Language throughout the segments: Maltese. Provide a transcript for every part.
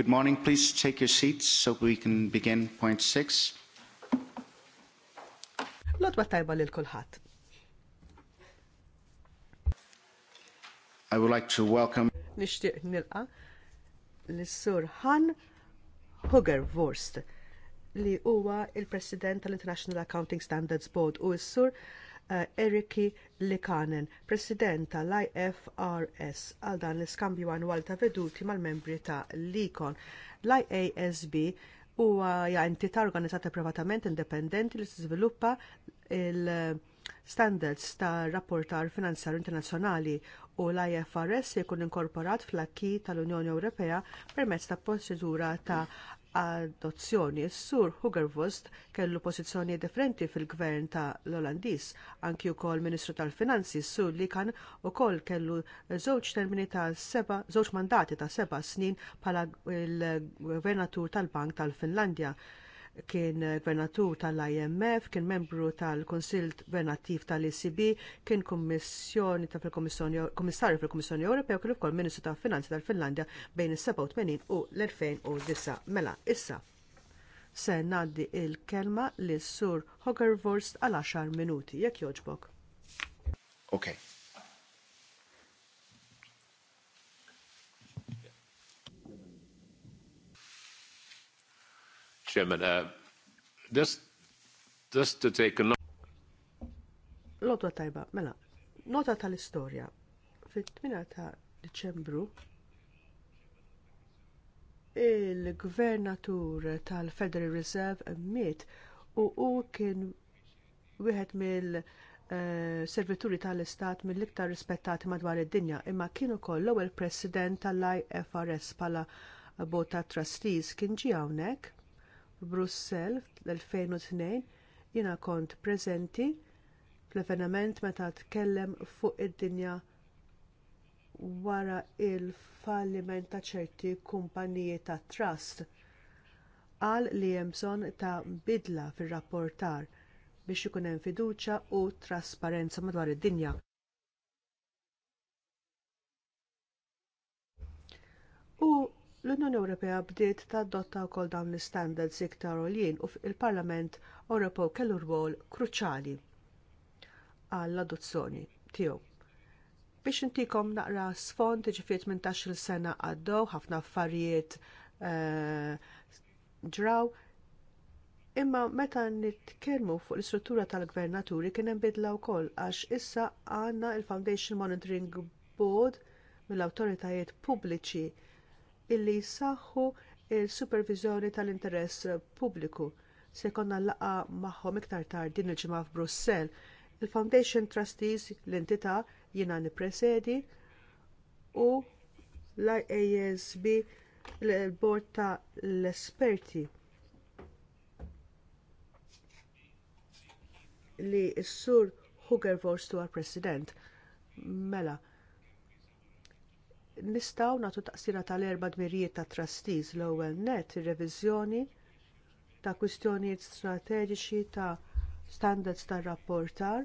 Good morning. Please take your seats so we can begin point six. Lodwa tajba lil kulħadd. I would like to welcome Nixtieq nilqa l-Sur Han Hugervorst li huwa il-President tal-International Accounting Standards Board u s-Sur Eh, Eriki Likanen, President tal-IFRS, għal dan l-iskambju annwal ta' veduti mal-membri ta' LICON. L-IASB huwa ja entità organizzata privatament indipendenti li sviluppa il-standards ta' rapportar finanzjarju internazzjonali u l-IFRS jkun inkorporat fl-akki tal-Unjoni Ewropea permezz ta' procedura ta' adozzjoni. Sur Hugervost kellu pożizzjoni differenti fil-gvern ta' l-Olandis, anki wkoll Ministru tal-Finanzi Sur li kan ukoll kellu żewġ termini ta' seba, żewġ mandati ta' seba snin bħala l-Gvernatur tal-Bank tal-Finlandja kien gvernatur tal-IMF, kien membru tal-Konsil Gvernattiv tal-ECB, kien kummissjoni ta' fil-Komissarju fil-Komissjoni Ewropea u kien ukoll Ministru ta' Finanzi tal-Finlandja bejn is-87 u l-2009. Mela, issa se ngħaddi l kelma lis sur Hogervorst għal 10 minuti, jekk jogħġbok. Okay. Chairman. Uh, just, just to take a note. Lodwa tajba, mela, nota tal-istorja. fit tmina ta' Diċembru il-gvernatur tal-Federal Reserve miet u hu kien wieħed mill-servituri eh, tal-istat mill-iktar rispettati madwar id-dinja imma kien ukoll l-ewwel president tal-IFRS bħala bota trustees kien ġie hawnhekk Brussell l-2002 jiena kont preżenti fl-avveniment meta tkellem fuq id-dinja wara l falliment ta' ċerti kumpaniji tat trust qal li hemm bżonn ta' bidla fir-rapportar biex ikun hemm fiduċja u trasparenza madwar id-dinja. U L-Unjoni Ewropea bdiet tadotta wkoll dawn l-istandards iktar għoljin u il-Parlament Ewropew kellu rwol kruċjali għall-adozzjoni tiegħu. Biex intikom naqra sfond ġifiet minn il sena għaddew, ħafna affarijiet eh, ġraw, imma meta nitkellmu fuq l-istruttura tal-gvernaturi kien hemm bidla wkoll għax issa għandna l foundation Monitoring Board mill-awtoritajiet pubbliċi illi jsaħħu il-supervizjoni tal-interess pubbliku. Se jkollna laqgħa magħhom iktar tard din il-ġimgħa f'Brussell. Il-Foundation Trustees l-entità jiena nippresedi u l-IASB l-Bord ta' l-Esperti li s-sur Huger Vorstu għal-President. Mela, nistgħu nagħtu taqsira tal-erba dmirijiet ta' trustees l-ewwel net ir-reviżjoni ta' kwistjonijiet strateġiċi ta' standards tar rapportar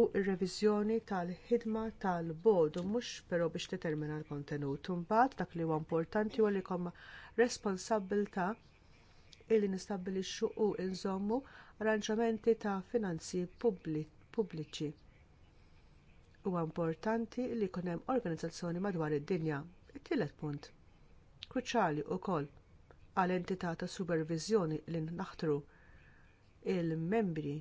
u r-reviżjoni tal-ħidma tal-bod u mhux però biex determina l-kontenut. Imbagħad dak li huwa importanti huwa li jkollna responsabbilta illi nistabbilixxu u nżommu arranġamenti ta' finanzi pubbliċi Huwa importanti li jkun hemm organizzazzjoni madwar id-dinja. It-tielet punt. Kruċjali wkoll għal entità ta' superviżjoni li naħtru il-membri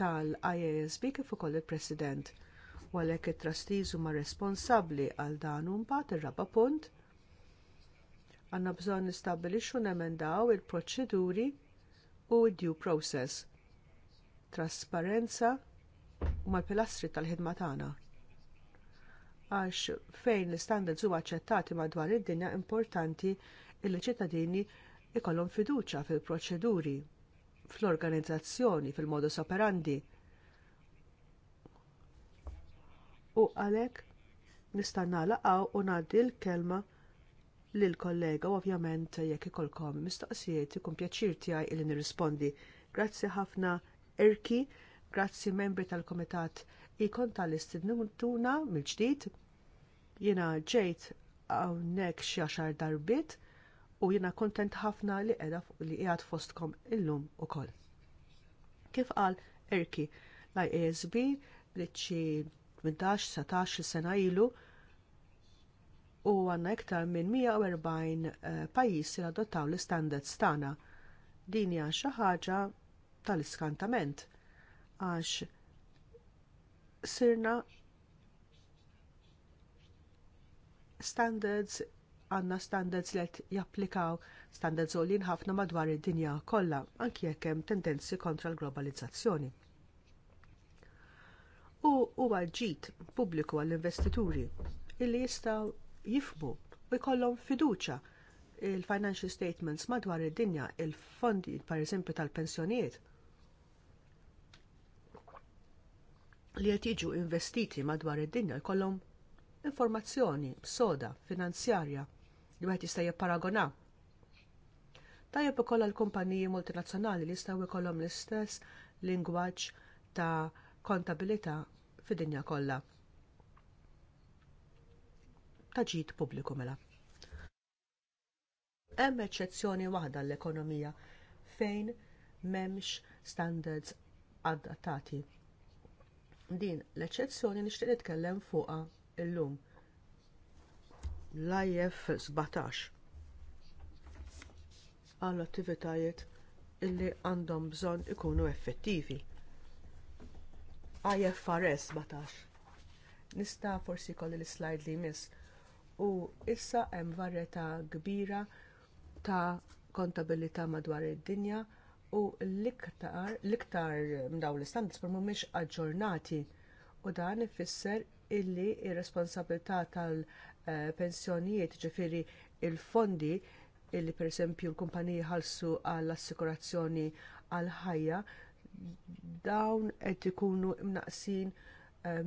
tal-IASB kif ukoll il-President. u għalhekk it-trustees huma responsabbli għal dan u mbagħad ir-raba' punt għandna bżonn nistabbilixxu nemendaw il-proċeduri u d-due process. Trasparenza mal-pilastri tal-ħidma tagħna. Għax fejn l-standards huwa aċċettati madwar id-dinja importanti il ċittadini ikollhom fiduċja fil-proċeduri, fl-organizzazzjoni, fil-modus operandi. U għalhekk nista' nagħlaqgħu u ngħaddi l-kelma lill kollega u ovvjament jekk ikolkom mistoqsijiet ikun pjaċir tiegħi li nirrispondi. Grazzi ħafna Erki Grazzi membri tal-Komitat ikon tal-istidnuna mill-ġdid. Jiena ġejt hawnhekk xi għaxar darbit u jiena kuntent ħafna li qiegħda li qiegħed fostkom illum ukoll. Kif qal Erki l-IASB li ċi 18-17 sena ilu u għandna iktar minn 140 eh, pajjiż li adottaw l istandards tagħna. Din hija xi ħaġa tal-iskantament għax sirna standards għandna standards li qed japplikaw standards għoljin ħafna madwar id-dinja kollha anki jekk hemm tendenzi kontra l-globalizzazzjoni. U huwa ġid pubbliku għall-investituri illi jistgħu jifhmu u jkollhom fiduċja il-financial statements madwar id-dinja il-fondi pereżempju tal-pensjonijiet li qed jiġu investiti madwar id-dinja jkollhom informazzjoni soda finanzjarja li wieħed jista' jipparagona. Tajjeb ukoll l-kumpaniji multinazzjonali li jistgħu jkollhom l-istess lingwaġġ ta' kontabilità fid-dinja kollha. Ta'ġid pubbliku mela. Hemm eċċezzjoni waħda l-ekonomija fejn m'hemmx standards adattati. Din l-eċċezzjoni nixtieq nitkellem fuqha illum. L-IF 17 għall attivitajiet illi għandhom bżonn ikunu effettivi. IFRS 17. Nista' forsi kolli l-slide li jmiss. U issa hemm varjetà kbira ta' kontabilità madwar id-dinja u l-iktar l-iktar mdaw l istandards per mhumiex aġġornati u dan ifisser illi r responsabilità tal-pensjonijiet ġifieri l fondi illi pereżempju l-kumpaniji ħalsu għall-assikurazzjoni għall ħajja dawn qed ikunu mnaqsin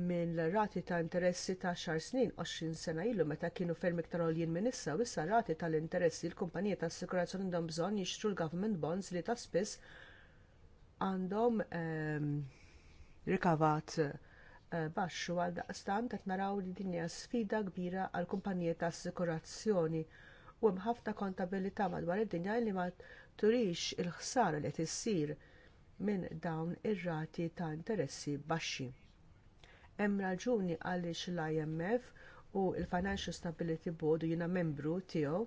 minn rati ta' interessi ta' xar snin 20 sena ilu meta kienu ferm iktar għoljin minn issa u issa rati tal-interessi l-kumpanija ta' assikurazzjoni għandhom bżonn jixtru l-government bonds li ta' spiss għandhom ehm, rikavat eh, baxxu għal daqstant qed naraw li din hija sfida kbira għall kumpaniji ta' assikurazzjoni u hemm ħafna kontabilità madwar id-dinja li ma turix il-ħsara li qed issir minn dawn ir-rati ta' interessi baxxi. Hemm raġuni għaliex l-IMF u l-Financial Stability Board u jiena membru tiegħu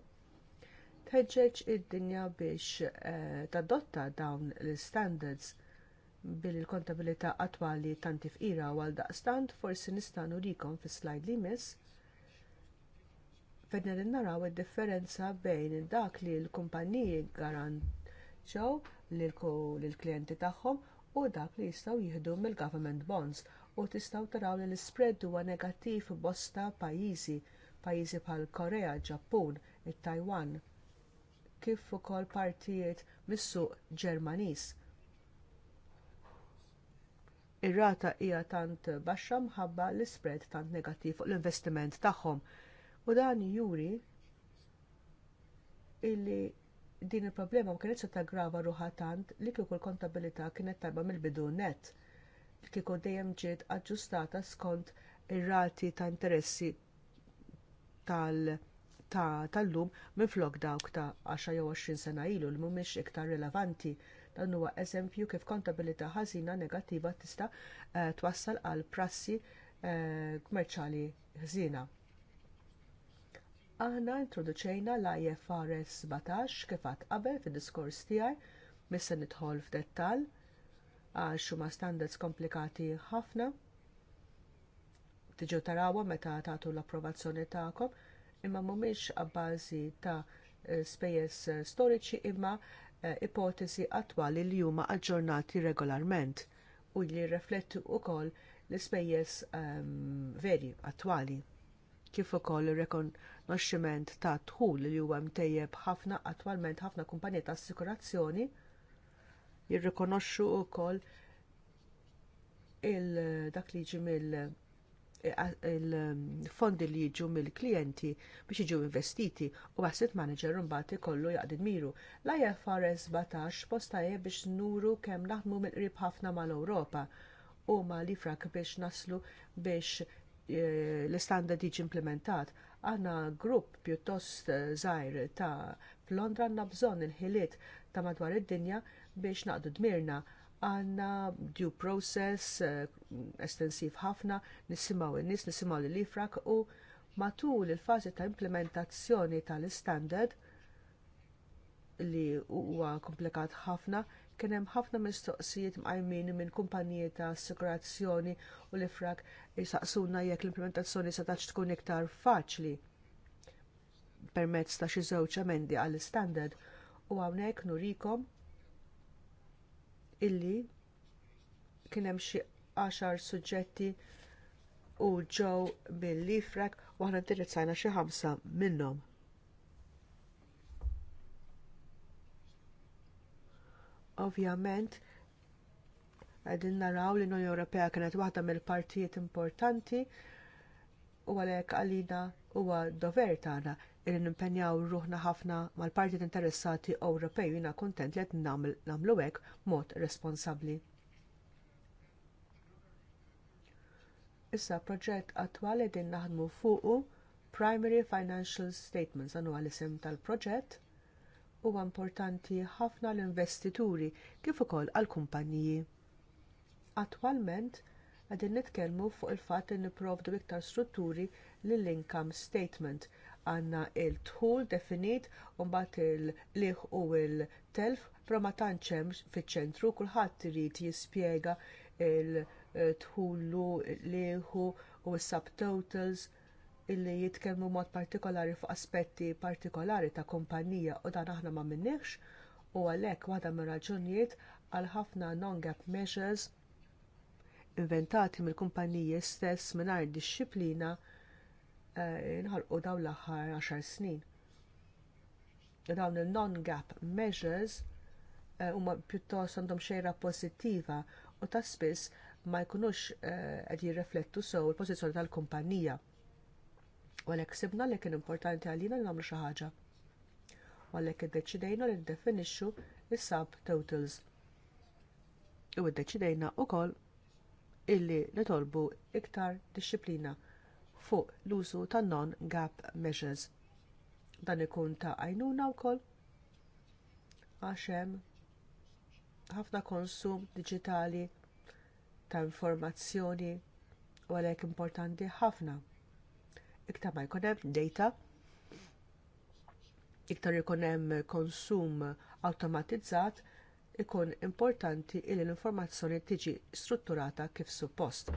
teġġeġ id-dinja biex eh, tadotta dawn l istandards bil-kontabilità attwali tanti fqira għal daqstant forsi nistanu rikom fis slajd li jmiss fejn naraw id-differenza bejn dak li l-kumpaniji garanġew lill-klijenti tagħhom u dak li jistgħu jieħdu mill-government bonds u tistgħu taraw li l-spread huwa negattiv bosta pajjiżi, pajjiżi bħal Korea, Ġappun, it-Taiwan, kif ukoll partijiet mis-suq Ġermaniż. Ir-rata hija tant baxxa mħabba l-spread tant negattiv fuq l-investiment tagħhom. U dan juri illi din il-problema ma kienetx taggrava ruħa tant li kieku l-kontabilità kienet tajba mill-bidu nett kieku dejjem ġiet aġġustata skont ir-rati ta' interessi tal- ta' tal-lum minflok dawk ta' 10 jew 20 sena ilu li mhumiex iktar rilevanti dan huwa eżempju kif kontabilità ħażina negattiva tista' eh, twassal għal prassi eh, kummerċjali uh, ħżina. Aħna introduċejna l-IFRS 17 kif qatt qabel fid-diskors tiegħi missa nidħol f'dettall xi huma standards komplikati ħafna. Tiġu tarawa meta tagħtu l-approvazzjoni tagħkom, imma mhumiex abbażi ta' eh, spejjeż eh, storiċi imma eh, ipotesi attwali li huma aġġornati regolarment u li riflettu wkoll l-ispejjeż um, veri attwali kif ukoll ir-rekonoxximent ta' dħul li huwa mtejjeb ħafna attwalment ħafna kumpaniji ta' assikurazzjoni jirrikonoxxu wkoll dak li jiġi mill e- il-fondi mm, li jiġu mill-klijenti biex jiġu investiti u asset manager mbagħad ikollu jaqdi miru. L-IFRS 17 postajje biex nuru kemm naħdmu mill-qrib ħafna mal-Ewropa u ma li frak biex naslu biex e, l-istandard jiġi implementat. Għanna grupp pjuttost żgħir e, ta' f'Londra għandna bżonn il-ħiliet ta' madwar id-dinja biex naqdu dmirna għanna due process eh, estensiv ħafna, nisimaw in-nies, nisimgħu l ifrak u matul il fażi ta' implementazzjoni tal-standard li huwa komplikat ħafna, kien hemm ħafna mistoqsijiet mqajmin minn kumpaniji ta' assigurazzjoni u l-ifrak jisaqsuna jekk l-implementazzjoni se tax tkun iktar faċli permezz ta' xi żewġ emendi għall-standard u hawnhekk nurikom illi kien hemm xi għaxar suġġetti u ġew bil-lifrak u aħna indirizzajna xi ħamsa minnhom. Ovvjament, qegħdin naraw li l-Unjoni Ewropea kienet waħda mill-partijiet importanti u għalhekk għalina huwa dover tagħna li nimpenjaw ruħna ħafna mal-partit interessati Ewropej jiena kuntent li qed nagħmlu hekk mod responsabbli. Issa proġett attwali din naħdmu fuqu Primary Financial Statements għanu għal-isem tal-proġett huwa importanti ħafna l-investituri kif ukoll għall-kumpaniji. Attwalment qegħdin nitkellmu fuq il-fatt li nipprovdu iktar strutturi lill income statement għandna il-tħul definit u mbagħad il-liħ u il-telf però ma tantx hemm fiċ-ċentru kulħadd irid jispjega il-tħullu, l liħu u s-subtotals illi jitkellmu mod partikolari fuq aspetti partikolari ta' kumpanija u dan aħna ma minniħx u għalhekk waħda mir raġunijiet għal ħafna non-gap measures inventati mill-kumpaniji stess mingħajr disċiplina Eh, nħalqu dawn l-aħħar 10 snin. Dawn il-non-gap measures eh, huma pjuttost għandhom xejra pożittiva u ta' spiss ma jkunux eh, qed jirreflettu sew il-pożizzjoni tal-kumpanija. U għalhekk sibna li kien importanti għalina li nagħmlu xi ħaġa. U għalhekk iddeċidejna li ndefinixxu is-sub totals. U iddeċidejna wkoll illi nitolbu iktar dixxilpina fuq l-użu ta' non-gap measures. Dan ikun ta' għajnuna wkoll għax hemm ħafna konsum diġitali ta' informazzjoni u għalhekk importanti ħafna. Iktar ma jkun hemm data, iktar ikun hemm konsum awtomatizzat, ikun importanti li l-informazzjoni tiġi strutturata kif suppost.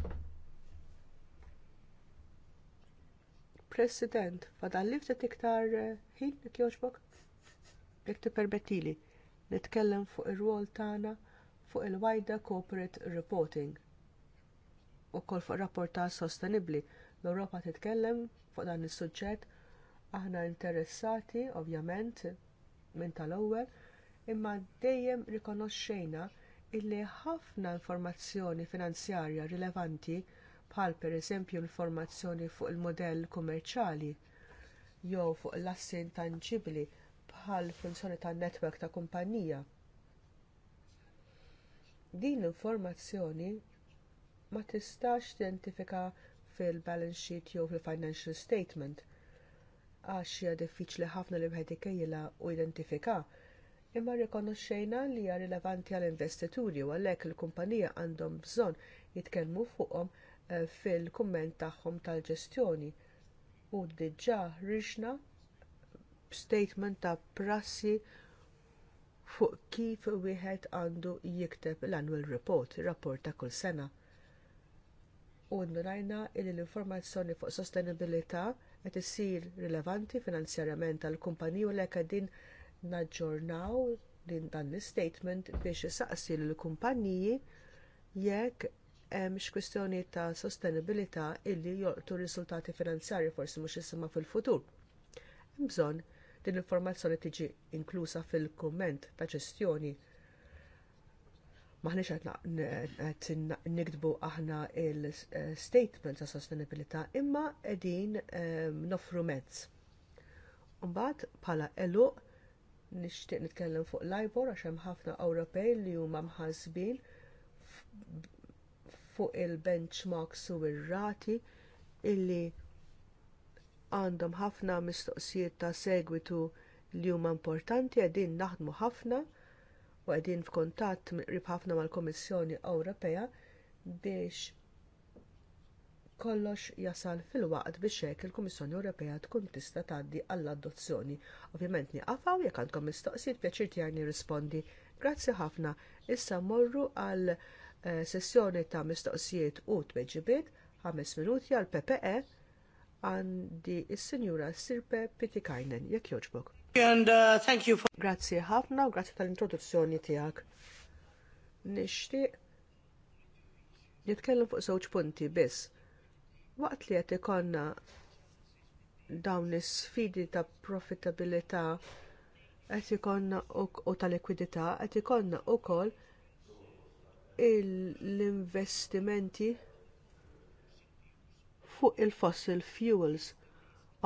President, li ftit iktar eh, ħin jek jogħġbok? Jekk tippermettili, nitkellem fuq ir-rwol tagħna fuq il-wajda corporate reporting. Ukoll fuq rapporta sostenibbli l-Ewropa titkellem fuq dan is-suġġett aħna interessati ovvjament minn tal-ewwel, imma dejjem rikonoxxejna illi ħafna informazzjoni finanzjarja rilevanti bħal pereżempju l-formazzjoni fuq il mudell kummerċjali jew fuq l-assi intangibbli bħal funzjoni tan netwerk ta' kumpanija. Din l-informazzjoni ma tistax tidentifika fil-balance sheet jew fil-financial statement għax hija diffiċli ħafna li wieħed ikejjilha u identifika imma rrikonoxxejna li hija rilevanti għall investituri u għalhekk il-kumpanija għandhom bżonn jitkellmu fuqhom Eh, fil-kumment tagħhom tal-ġestjoni u diġà rixna statement ta' prassi fuq kif wieħed għandu jikteb l-annual report, rapport ta' kull sena. U ndunajna li l-informazzjoni fuq sostenibilità qed issir rilevanti finanzjarjament għall kumpaniji u l din naġġornaw din dan l-statement biex isaqsi lill kumpaniji jekk hemmx x'kwistjoni ta' sostenibilità illi joqtu r-riżultati finanzjarji forsi mhux isimha fil-futur. Hemm bżonn din l-informazzjoni tiġi inklusa fil-kumment ta' ġestjoni. Maħniex qed nikdbu aħna l statement ta' sostenibilità imma qegħdin ehm, nofru mezz. Mbagħad bħala għeluq nixtieq nitkellem fuq l-Ivor għax hemm ħafna Ewropej li huma mħassbin fuq il-benchmarks u ir-rati illi għandhom ħafna mistoqsijiet ta' segwitu li huma importanti qegħdin naħdmu ħafna u qegħdin f'kuntatt miqrib ħafna mal-Kummissjoni Ewropea biex kollox jasal fil-waqt biex hekk il-Kummissjoni Ewropea tkun tista' tgħaddi għall-adozzjoni. Ovvjament nieqafaw jekk għandkom mistoqsijiet pjaċir tiegħi nirrispondi. Grazzi ħafna. Issa mmorru għall Eh, sessjoni ta' mistoqsijiet u tweġibiet ħames minuti għal PPE għandi s sinjura Sirpe Pitikajnen, jekk jogħġbok. Uh, grazzi ħafna u tal-introduzzjoni tiegħek. Nixtieq nitkellem fuq żewġ punti biss. Waqt li qed ikonna dawn is-sfidi ta' profitabilità qed ikonna u ta' likwidità qed ikonna wkoll l-investimenti fuq il-fossil fuels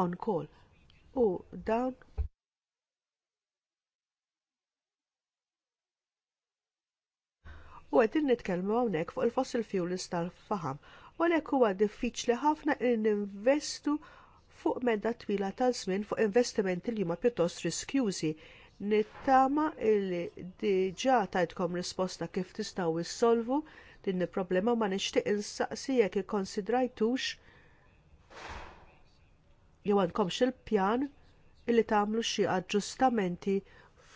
on kol. u dawn u għedin nitkellmu hawnhekk fuq il-fossil fuels tal-faham u għalhekk huwa diffiċli ħafna li ninvestu fuq medda twila ta' żmien fuq investimenti li huma pjuttost riskjużi Nittama illi diġa tajtkom risposta kif tistgħu issolvu din il-problema ma nixtieq insaqsi jekk ikkonsidrajtux jew għandkomx il-pjan illi tagħmlu xi aġġustamenti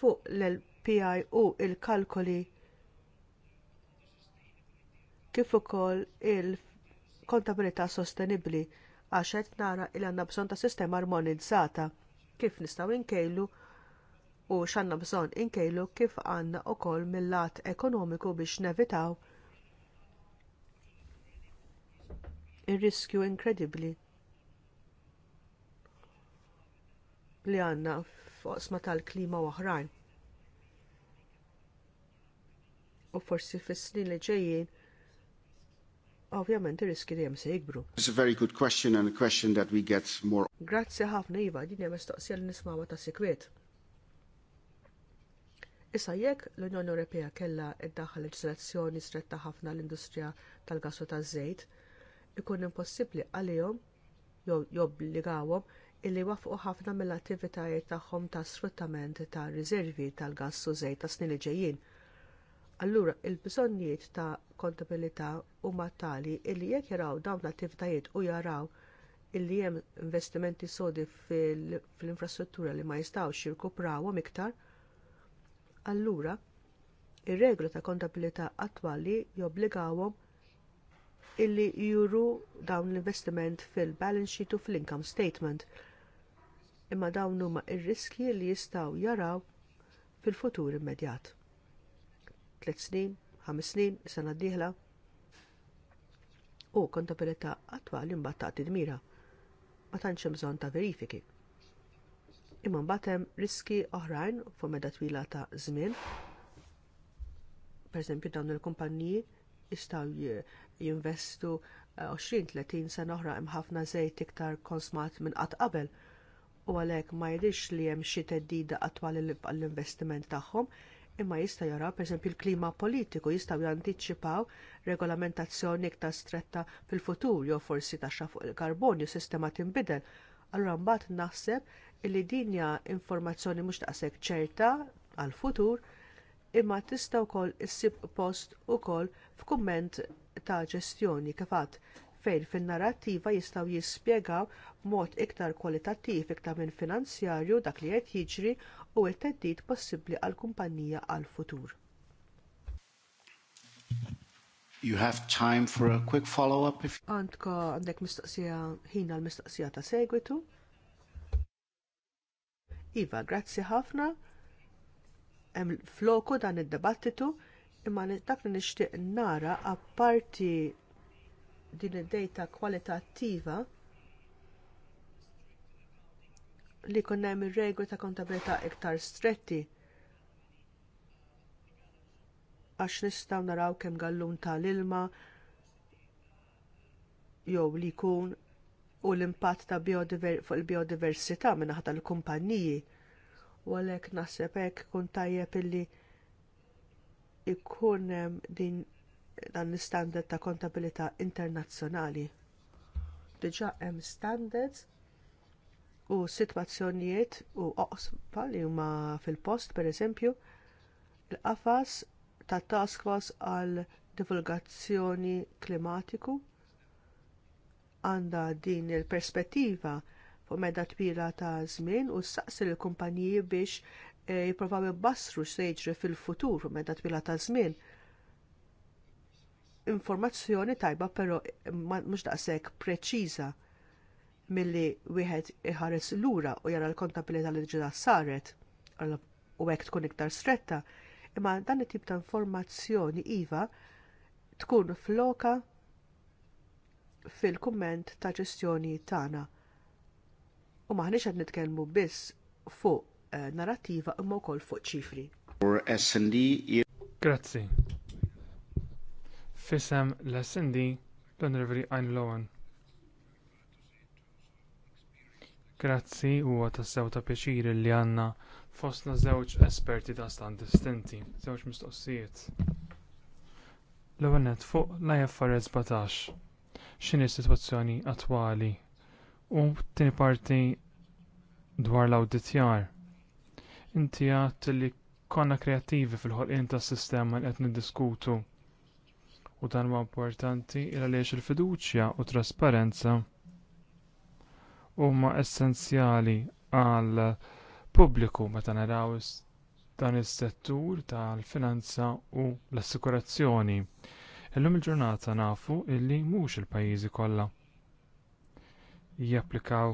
fuq l pi u l kalkoli kif ukoll il-kontabilità sostenibbli għax qed nara li għandna bżonn ta' sistema armonizzata kif nistgħu nkejlu u x'għandna bżonn inkejlu kif għandna wkoll mill-lat ekonomiku biex nevitaw ir-riskju inkredibbli li għandna f'oqsma tal-klima oħrajn. U forsi fis-snin li ġejjin ovvjament ir-riski dejjem se jikbru. It's a very good question and a question that we get more. Grazzi ħafna Iva, din hija mistoqsija li nismawha ta' sikwiet. Issa jekk l-Unjoni Ewropea kellha ddaħħal leġiżlazzjoni stretta ħafna l-industrija tal gassu u taż-żejt, ikun impossibbli għalihom jew jobbligawhom illi wafqu ħafna mill-attivitajiet tagħhom ta' sfruttament ta' riservi tal gass u żejt ta' snin li ġejjin. Allura il-bżonnijiet ta' kontabilità huma tali illi jekk jaraw dawn l-attivitajiet u jaraw illi hemm investimenti sodi fil-infrastruttura li ma jistgħux jirkuprawhom iktar, allura ir-regoli ta' kontabilità attwali jobbligawhom illi juru dawn l-investiment fil-balance sheet u fl-income statement. Imma dawn huma r riskji li jistgħu jaraw fil-futur immedjat. Tliet snin, ħames snin, sena d-dieħla u kontabilità attwali mbagħad tagħti dmira. Ma tantx hemm bżonn ta' verifiki imma mbagħad hemm riski oħrajn fuq meda twila ta' żmien. Pereżempju dawn il-kumpanniji jistgħu jinvestu 20-30 eh, sena oħra hemm ħafna żejt iktar konsmat minn qatt qabel u għalhekk ma jidhirx li hemm xi teddida attwali għall-investiment tagħhom imma jista' jara pereżempju l-klima politiku jistgħu jantiċipaw regolamentazzjoni iktar stretta fil-futur jew forsi taxxa fuq il-karbonju sistema tinbidel. Allura mbagħad naħseb Illi din hija informazzjoni mhux taqsek ċerta għall futur imma tista' wkoll issib post ukoll f'kumment ta' ġestjoni kif għadd fejn fin-narrattiva jistgħu jispjegaw b'mod iktar kwalitattiv iktar minn finanzjarju dak li qed jiġri u t-teddid possibbli għall kumpanija għall futur. You have time for a quick follow-up if Għandka għandek mistoqsija ħina l-mistoqsija ta' segwitu. Iva, grazzi ħafna. Hemm floku dan id-dibattitu imma dak li nixtieq nara apparti din id-dejta kwalitattiva li konna hemm ir-regoli ta' kontabilità iktar stretti għax nistgħu naraw kemm gallun tal-ilma jew li jkun u l-impatt ta' fuq il-biodiversità minnaħat tal-kumpanniji. U għalhekk naħseb hekk kun tajjeb illi ikun ehm, din dan l-standard ta' kontabilità internazzjonali. Diġà hemm standards u sitwazzjonijiet u oqsba li huma fil-post pereżempju l-qafas ta' task force għal divulgazzjoni klimatiku għandha din il-perspettiva fuq medda twila ta' żmien u saqsi l-kumpaniji biex e, jippruvaw jibbassru jiġri fil-futur fuq medda twila ta' żmien. Informazzjoni tajba però mhux daqshekk preċiża milli wieħed iħares lura u jara l-kontabilità li ġida saret u hekk tkun iktar stretta, imma dan it-tip ta' informazzjoni iva tkun floka fil-kumment ta' ġestjoni tagħna. U maħniex qed nitkellmu biss fuq eh, narrattiva imma wkoll fuq ċifri. Grazzi. Fisem l-SND l-Onorevoli Ayn Lowen. Grazzi huwa sew ta' pjaċir li għandna fostna żewġ esperti ta' stand distinti, żewġ mistoqsijiet l-ewwel fuq l-IFRS 17 x'inhi s-sitwazzjoni attwali u t-tieni parti dwar l-awditjar. Inti għat li konna kreattivi fil-ħolqien tas-sistema li qed niddiskutu u dan huwa importanti il għaliex il-fiduċja u t trasparenza huma essenzjali għal pubbliku meta naraw dan is-settur tal-finanza u l-assikurazzjoni. Illum il-ġurnata nafu illi mhux il-pajjiżi kollha japplikaw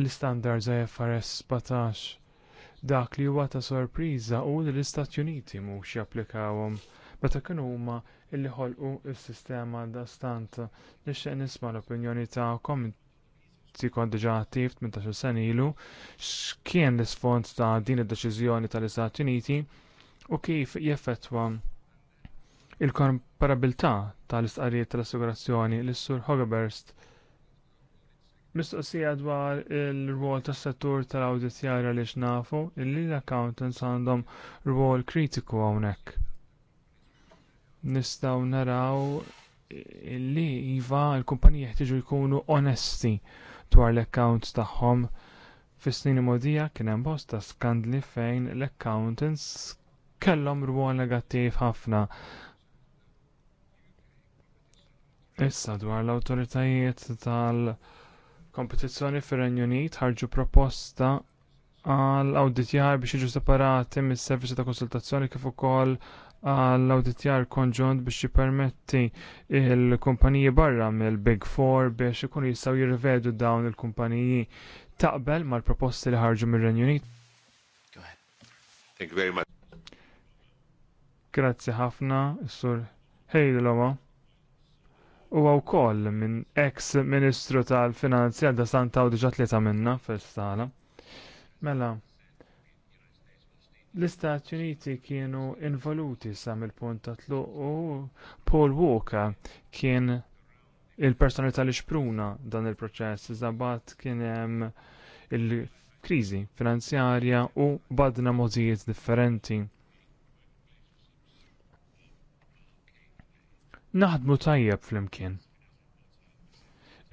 l-istandards IFRS 17 dak li huwa ta' sorpriża hu li l-Istati Uniti mhux japplikawhom meta kien huma illi ħolqu s-sistema da stant nixtieq nisma' l-opinjoni tagħkom inti kont diġà attiv 18 sen ilu x'kien l-isfond ta' din id-deċiżjoni tal-Istati Uniti u kif jeffettwa Il-komparabilità tal-istqarrijiet tal-assigurazzjoni lis sur Hogeberst mistoqsija dwar il-rwol tas settur tal-awditjar għaliex nafu li l-accountants għandhom rwol kritiku hawnhekk. Nistgħu naraw li iva l-kumpaniji jeħtieġu jkunu onesti dwar l-accounts tagħhom. Fis-snin imodija kien hemm bosta skandli fejn l-accountants kellhom rwol negattiv ħafna Issa dwar l-awtoritajiet tal-kompetizzjoni fir-Renju Unit ħarġu proposta għal awditjar biex jiġu separati mis-servizzi ta' konsultazzjoni kif ukoll għal awditjar konġunt biex jippermetti l kumpaniji barra mill-Big Four biex ikunu jistgħu jirvedu dawn il-kumpaniji taqbel mal-proposti li ħarġu mir-Renju Unit. Thank you very much. Grazzi ħafna, Sur. Hej, l u wkoll minn ex ministru tal-finanzi għal dasan taw diġa tlieta minna fil-sala. Mela, l-Istati Uniti kienu involuti sa mill-punt ta' tluq u Paul Walker kien il-personalità li xpruna dan il-proċess, iżabat kien hemm il-kriżi finanzjarja u badna możijiet differenti naħdmu tajjeb flimkien.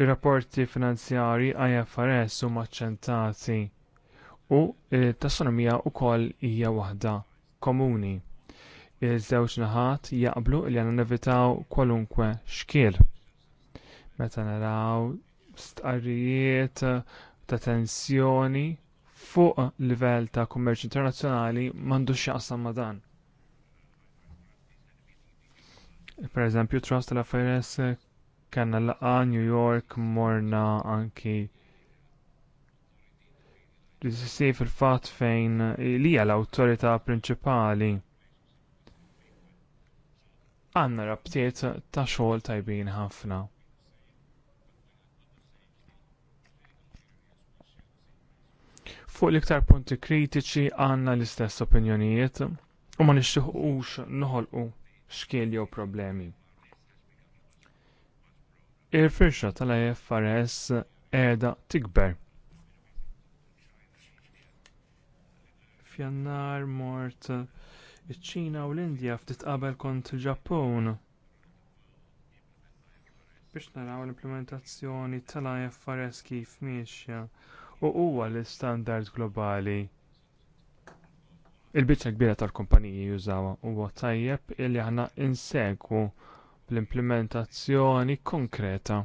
Ir-rapporti finanzjarji IFRS huma maċċentati u eh, t u wkoll hija waħda komuni. Iż-żewġ naħat jaqblu li għanna nevitaw kwalunkwe xkiel. Meta naraw stqarrijiet ta' tensjoni fuq livell ta' kummerċ internazzjonali m'għandux x'aqsam ma' dan. Per eżempju, Trust tal affarijiet eh, kanna laqa New York morna anki Rissi fil-fat fejn eh, li hija l-awtorità prinċipali. Għanna rabtiet ta' xogħol tajbin ħafna. Fuq l-iktar punti kritiċi għandna l-istess opinjonijiet u ma nixtieħux noħolqu X'kien jew problemi. Il-firxa tal-IFRS qiegħda tikber. Fjannar mort iċ-Ċina u l-Indja ftit qabel kont il-Ġappun biex naraw l-implementazzjoni tal-IFRS kif miexja u huwa l-istandard globali il-biċċa kbira tal-kumpaniji jużawha huwa tajjeb illi aħna insegwu l-implementazzjoni konkreta.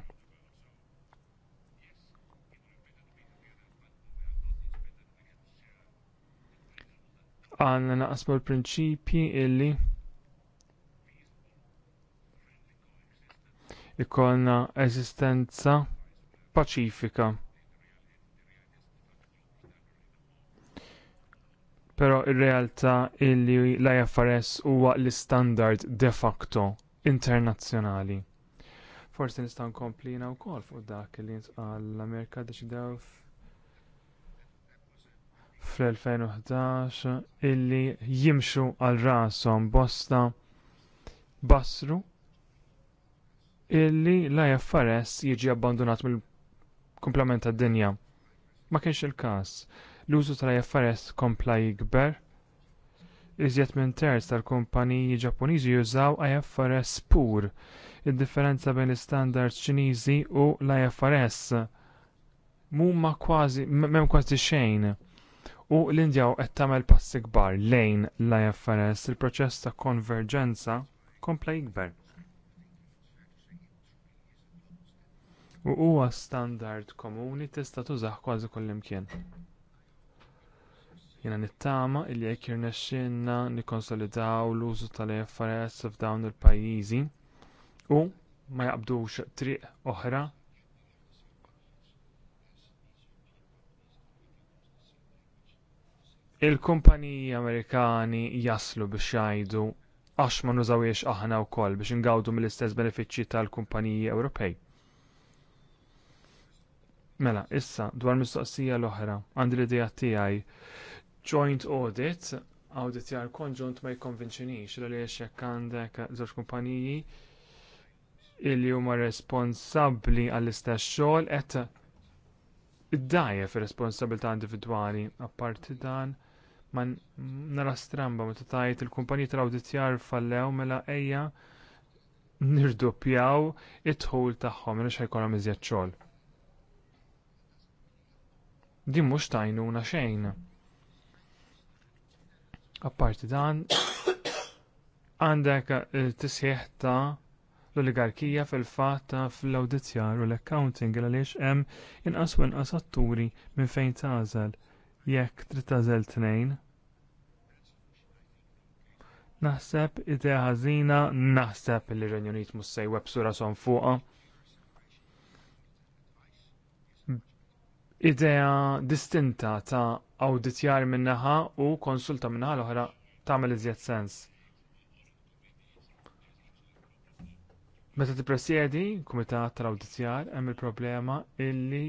Għanna naqsmu l-prinċipji illi ikollna eżistenza paċifika. Però ir-realtà illi l-IFRS huwa l-istandard de facto internazzjonali. Forsi nista' nkompli wkoll fuq dak li ntqal l-Amerika deċidew fl-2011 illi jimxu għal rashom bosta basru illi l-IFRS jiġi abbandonat mill kumplament tad dinja Ma kienx il każ L-użu tal-IFRS kompla jikber. Iżjed minn terz tal-kumpaniji Ġappuniżi jużaw IFRS pur. Id-differenza bejn l-istandards Ċiniżi u l-IFRS mumma kważi m'hemm kważi xejn. U l-Indja qed tagħmel passi kbar lejn l-IFRS il-proċess ta' konverġenza kompla jikber. u huwa standard komuni tista' tużah kważi kullimkien. Jiena nittama li jekk irnexxielna nikkonsolidaw l-użu tal-IFRS f'dawn il-pajjiżi u ma jaqbdux triq oħra il-kumpaniji Amerikani jaslu biex jgħidu għax ma nużawiex aħna wkoll biex ingawdu mill-istess benefiċċji tal-kumpaniji Ewropej. Mela, issa dwar mistoqsija l-oħra, għandi l-idea tiegħi joint audit, jar konġunt ma jikkonvinċinix l għaliex jekk għandek żewġ kumpaniji illi huma responsabbli għall-istess xogħol qed iddajjef ir-responsabilità individwali apparti dan ma nara stramba meta tajt il-kumpaniji tal-awditjar fallew mela ejja nirdoppjaw it-tħul tagħhom għaliex mela ħajkolhom iżjed xogħol. Din mhux tajnuna xejn Apparti dan, għandek tisħiħ ta' l-oligarkija fil-fatt ta' fl-awditjar u l-accounting għaliex hemm inqas u inqas atturi minn fejn tażel jekk trid tażel tnejn. Naħseb idea ħażina naħseb li r-Renju Unit mhux se jwebsura son fuqha. Idea distinta ta' awditjar minnaħa naħa u konsulta minnaħa naħa l-oħra tagħmel iżjed sens. Meta tippresjedi kumitat tal-awditjar hemm il-problema illi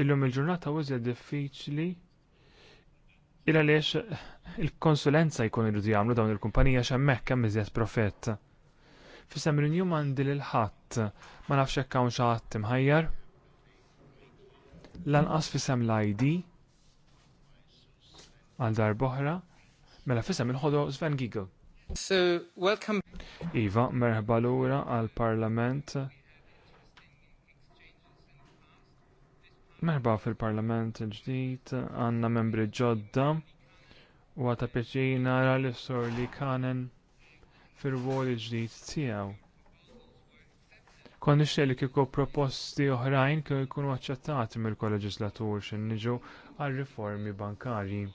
illum il-ġurnata iżjed diffiċli il għaliex il-konsulenza jkun irridu jagħmlu dawn il-kumpanija x'hemmhekk hemm iżjed profett. Fisem rinju m'għandi lil ħadd ma nafx hekk hawn xi Lan imħajjar. Lanqas fisem l-ID għal darboħra mela fissa il Sven Giegel. So, welcome. Iva, merħba lura għal parlament. Merħba fil-parlament il-ġdijt, għanna membri ġodda, u għata peċina għara l sor li kanen fil-wol ġdijt tijaw. Kon nixxie li kieku proposti oħrajn kiko jkunu aċċettati mill-kolleġislatur x'inniġu għal riformi bankari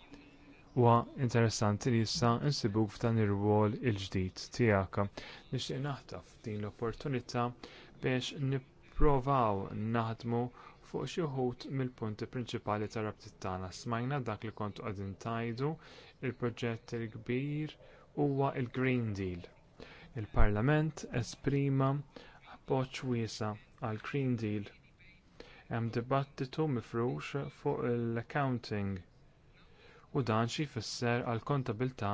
huwa interessanti li issa insibuk f'dan ir-rwol il-ġdid tiegħek. Nixtieq naħtaf din l-opportunità biex nipprovaw naħdmu fuq xi wħud mill-punti prinċipali tar-rabtiet tagħna. Smajna dak li kont qegħdin tajdu il-proġett il-kbir huwa l il green Deal. Il-Parlament esprima appoġġ wiesa għall Green Deal. Hemm dibattitu mifrux fuq l-accounting u dan xi jfisser għal kontabilità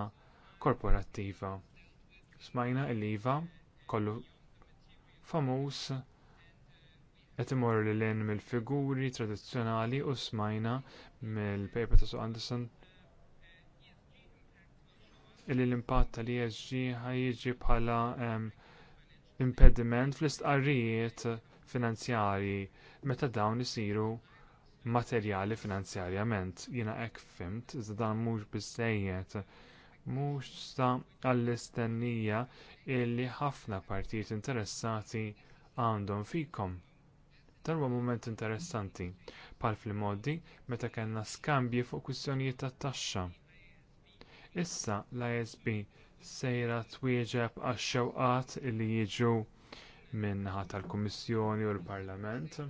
korporattiva. Smajna l-IVA kollu famuż qed imorru lil hinn mill-figuri tradizzjonali u smajna mill-paper ta' Anderson illi l-impatt tal-ESG ħajjiġi bħala impediment fl-istqarrijiet finanzjarji meta dawn isiru materjali finanzjarjament. Jiena hekk fimt, iżda dan mhux biżżejjed mhux sta għall-istennija illi ħafna partijiet interessati għandhom fikom. Dan huwa mument interessanti, bħal fil-modi meta kellna skambji fuq kwistjonijiet tat-taxxa. Issa l-ISB sejra twieġeb għax-xewqat illi jiġu minnaħa tal-Kummissjoni u l-Parlament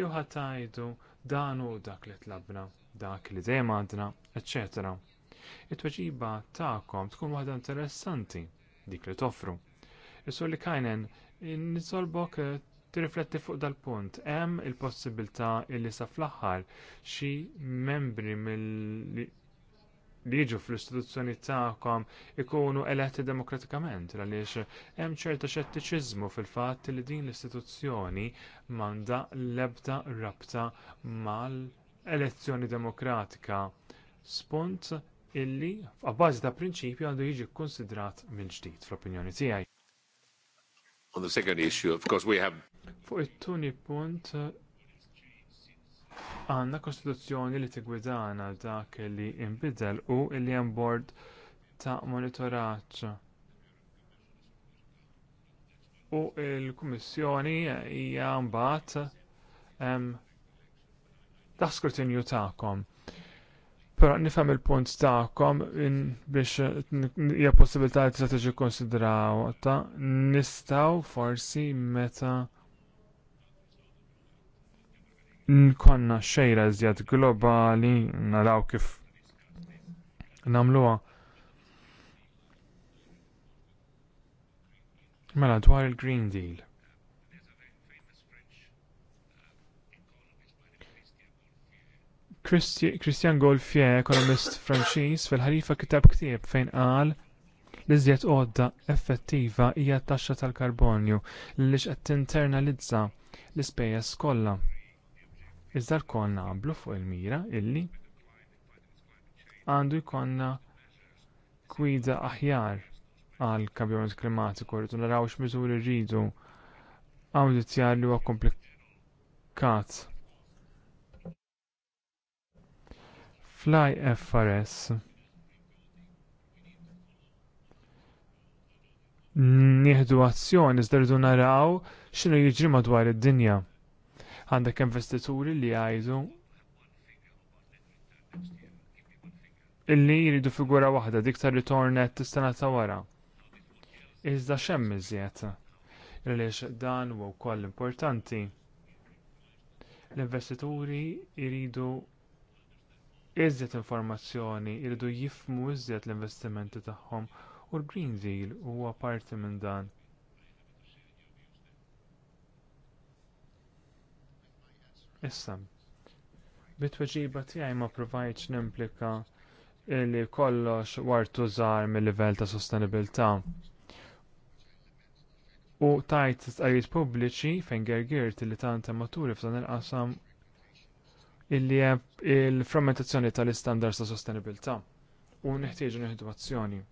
jew ħatajdu dan hu dak li tlabna, dak li dejjem għandna, etc. It-tweġiba tagħkom tkun waħda interessanti dik li toffru. Isu li kajnen, nisolbok eh, tirrifletti fuq dal-punt. Hemm il-possibilità li sa fl-aħħar xi membri li jiġu fl-istituzzjoni tagħkom ikunu eletti demokratikament għaliex hemm ċerta xettiċiżmu fil-fatt li din l-istituzzjoni m'għandha l-ebda rabta mal-elezzjoni demokratika spunt illi f'abbażi ta' prinċipju għandu jiġi kkunsidrat mill-ġdid fl-opinjoni tiegħi. On the second issue, of course we have Fuq it-tuni punt Għandna kostituzzjoni li tigwidana dak li inbidel u li hemm bord ta' monitoraġġ. U l kummissjoni hija mbagħad ta' skrutinju tagħkom. Però nifhem il-punt tagħkom biex hija possibilità li tista' tiġi konsidraw ta' nistgħu forsi meta nkonna xejra iżjed globali, naraw kif nagħmluha. Mela dwar il-Green Deal. Christian Golfier, ekonomist Franċiż, fil-ħarifa kitab ktieb fejn qal li żjed għodda effettiva hija t-taxxa tal-karbonju li qed tinternalizza l-ispejjeż kollha. Iżda l-kol naqblu fuq il-mira illi għandu jkollna kwida aħjar għal kambjament klimatiku rridu naraw x'miżuri rridu awditjar li huwa komplikat. Fly FRS Nieħdu azzjoni iżda rridu naraw x'inhu jiġri madwar id-dinja. Għandek investituri li jgħidu illi jridu figura waħda dik ta' ritornet tistana ta' wara. Iżda xemm iżjed. Għaliex dan huwa wkoll importanti. L-investituri jridu iżjed informazzjoni, jridu jifmu iżjed l-investimenti tagħhom u l-Green Deal huwa parti minn dan. Issa, bit-tweġiba tiegħi ma provajċ nimplika li kollox wartu żgħar mill-livell ta' sostenibilità. U tajt t-għajt pubbliċi fejn gergirt li tant maturi f'dan il-qasam illi il-frammentazzjoni tal-istandards ta' sostenibilità u neħtieġu neħdu azzjoni.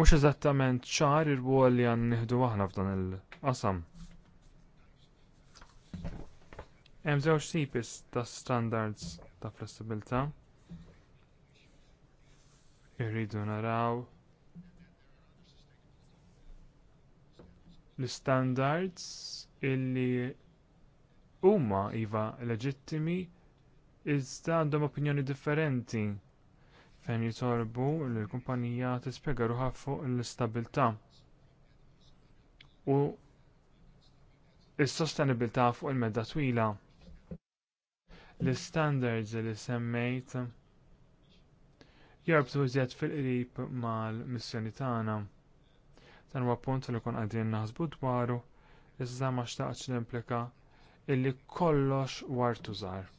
Mhux eżattament ċar ir-rwol li għan nihdu għahna f'dan il-qasam. Hemm żewġ tipis ta' standards ta' flessibilità. Irridu naraw l-standards illi huma iva leġittimi iżda għandhom opinjoni differenti fejn jitolbu li l-kumpanija tispjega ruħha fuq l-istabilità u s-sostenibilità fuq il-medda twila. L-standards li semmejt jorbtu iżjed fil-qrib mal-missjoni tagħna. Dan huwa punt li kon qegħdin naħsbu dwaru iżda ma xtaqx nimplika illi kollox wartu żgħar.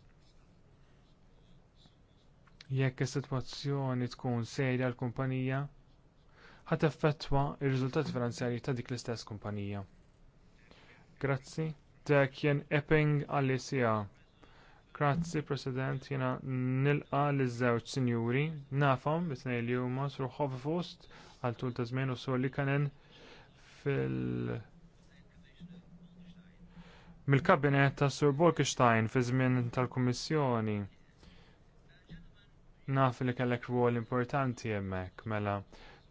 Jekk is-sitwazzjoni tkun sejra l-kumpanija, ħat effettwa r-riżultati finanzjarji ta' dik l-istess kumpanija. Grazzi, dak jien Epping għall-ICA. Grazzi, President, jena nilqa l żewġ sinjuri, nafam, bitnej li huma sruħħu fi fost għal tul ta' żmien u sur li kanen fil- mill-kabinet ta' Sur Bolkestein fi żmien tal-Kummissjoni. Naf li kellek rwol importanti hemmhekk mela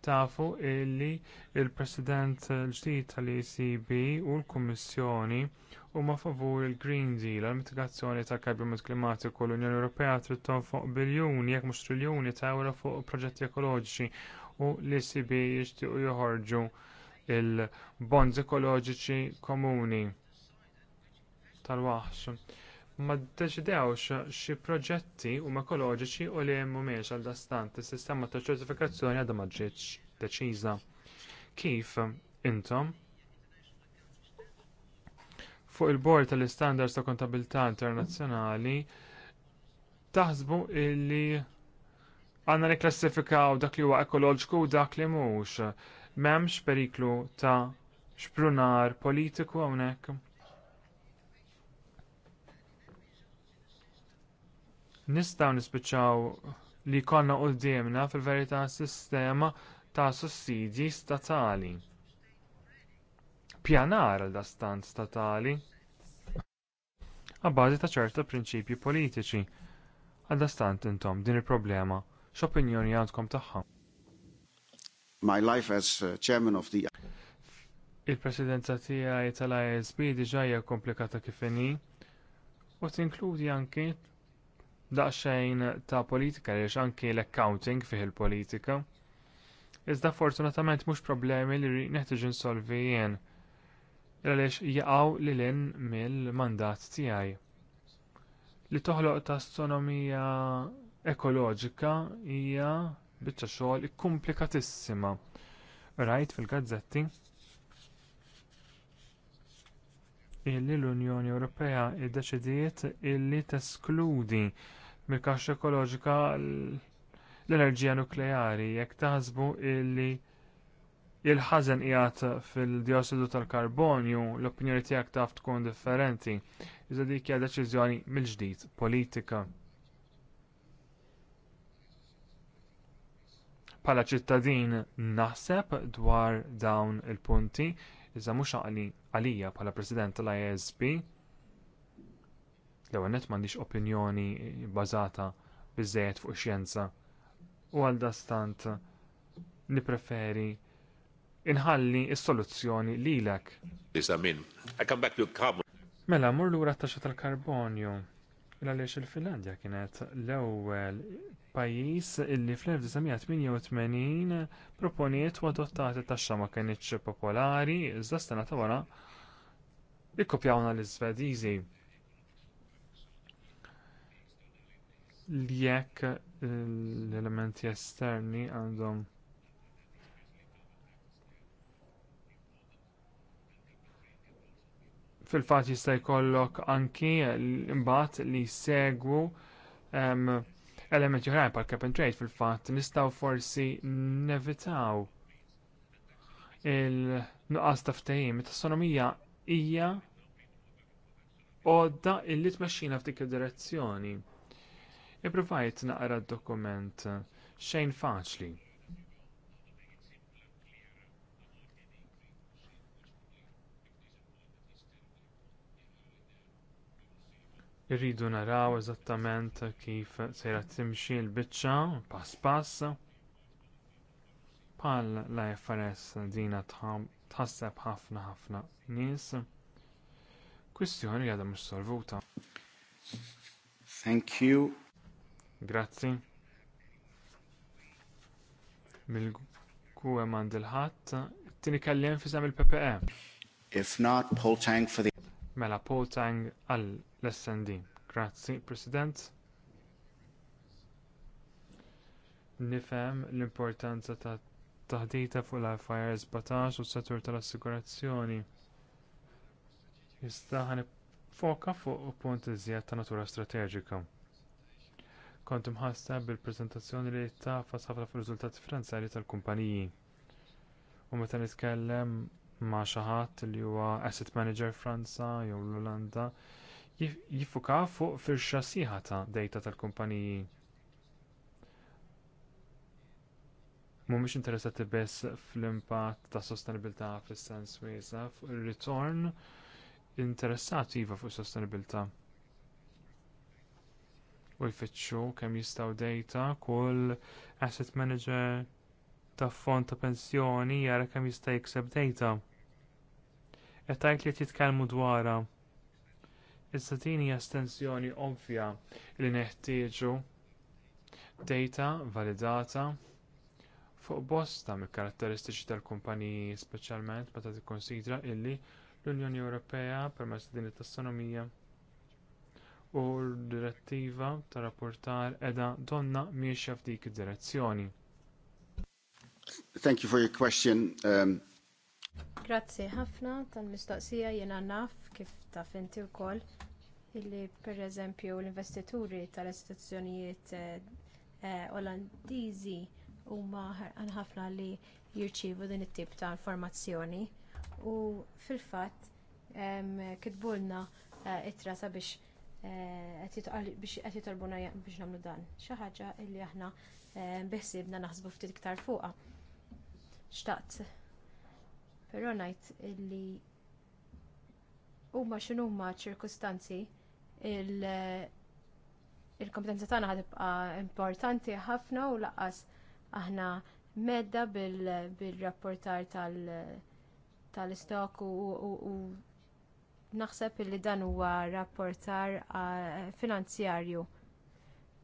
tafu illi l il president l-ġdid tal-ECB u l-Kummissjoni huma favur il-Green Deal għall mitigazzjoni tal karbjament klimatiku l-Unjoni Ewropea trid tonfoq biljuni jekk mhux triljuni ta' ewro fuq proġetti ekoloġiċi u l-ECB jixtiequ joħorġu l bonds ekoloġiċi komuni tal-waħx ma ddeċidewx xi proġetti huma ekoloġiċi u li mhumiex għal dastant is-sistema ta' ċertifikazzjoni għadha ma ġietx deċiża. Kif intom fuq il-bord tal-istandards ta' kontabilità internazzjonali taħsbu illi għandna niklassifikaw dak li huwa ekoloġiku u dak li mhux. M'hemmx periklu ta' xprunar politiku hawnhekk. Nistgħu nispiċċaw li jkollna quddiemna fil-verità sistema ta' sussidji statali. Pjanar għaldastant dastan statali għabbażi ta' ċerta prinċipji politiċi. Għal intom din il-problema x'opinjoni għandkom tagħha. My life as uh, chairman of the Il-presidenza tiegħi tal-ISB diġà hija komplikata kif inhi u tinkludi anke daqsxejn ta' politika li anki l-accounting fih il-politika. Iżda fortunatament mhux problemi li neħtieġ insolvi jien għaliex jaqgħu lil hinn mill-mandat tiegħi. Li toħloq tastronomija ekoloġika hija biċċa xogħol komplikatissima. Rajt fil-gazzetti illi l-Unjoni Ewropea ddeċidiet illi teskludi mill-kaxxa ekoloġika l-enerġija nukleari jekk taħsbu illi il-ħażen qiegħed fil-dioxidu tal-karbonju l-opinjoni tiegħek taf tkun differenti. Iżda dik hija deċiżjoni mill-ġdid politika. Bħala ċittadin naħseb dwar dawn il-punti iżda mhux għalija bħala President tal-ISB L-ewwel nett m'għandix opinjoni bbażata biżżejjed fuq xjenza u għal dastant nippreferi inħalli s-soluzzjoni lilek. Mela mur lura t-taxxa tal-karbonju għaliex il-Finlandja kienet l-ewwel pajjiż illi fl-1988 proponiet u adottat it-taxxa ma kinitx popolari, iżda stena ta' wara ikkopjawna l-Iżvediżi. li jekk eh, l-elementi esterni għandhom fil-fat jista' jkollok anki mbagħad li jsegwu ehm, elementi oħrajn bħal cap and trade fil-fatt nistgħu forsi nevitaw il-nuqqas ta' ftehim. Tassonomija hija għodda illi tmexxina f'dik id-direzzjoni. Ippruva'jt naqra d-dokument xejn faċli. Irridu naraw eżattament kif sejra timxi l-biċċa pass pass. Pal la FRS dina tħasseb ħafna ħafna nies. Kwistjoni li għadha mhux solvuta. Thank you. Grazzi. Mil-kuwe mandil-ħat, tini kalli fisem il-PPE. If not, Paul Tang for the... Mela, Paul Tang għall-SND. Grazzi, President. Nifhem l-importanza ta' taħdita fuq l-IFIR batax u s-settur tal-assigurazzjoni. Jistaħan ħan fuq punt iżjed ta' natura strateġika. Kont imħassa bil preżentazzjoni li tafas ħafna fir riżultati finanzjarji tal-kumpaniji. U meta nitkellem ma' xi ħadd li huwa asset manager Franza jew l-Olanda jiffuka fuq firxa sieħa ta' dejta tal-kumpaniji. Mhumiex interessati biss fl-impatt ta' sostenibilità fis-sens wiesa fuq ir-ritorn interessati iva fuq sostenibilità u jfittxu kemm jistgħu dejta kull asset manager ta' fond ta' pensjoni jara kemm jista' jikseb dejta. Qed tgħid li titkellmu dwarha. Issa din hija estensjoni ovvja li neħtieġu dejta validata fuq bosta mill-karatteristiċi tal-kumpaniji speċjalment meta tikkonsidra illi l-Unjoni Ewropea permezz din it-tassonomija u l direttiva ta' rapportar edha donna miexja f'dik id-direzzjoni. Thank you for your question. Um... Grazzi ħafna tal-mistoqsija jiena naf kif taf inti wkoll illi pereżempju l-investituri tal-istituzzjonijiet eh, eh, Olandiżi huma ħarqan ħafna li jirċievu din it-tip ta' informazzjoni u fil-fatt kitbulna eh, itra sabiex Eh, biex qed jitolbuna biex nagħmlu dan. Xi ħaġa li aħna eh, biħsibna naħsbu ftit iktar fuqha. Xtaqt. Però ngħid illi huma x'inhuma ċirkustanzi il-kompetenza tagħna ħadibqa importanti ħafna u lanqas aħna medda bil-rapportar tal-istok u naħseb illi dan huwa rapportar finanzjarju.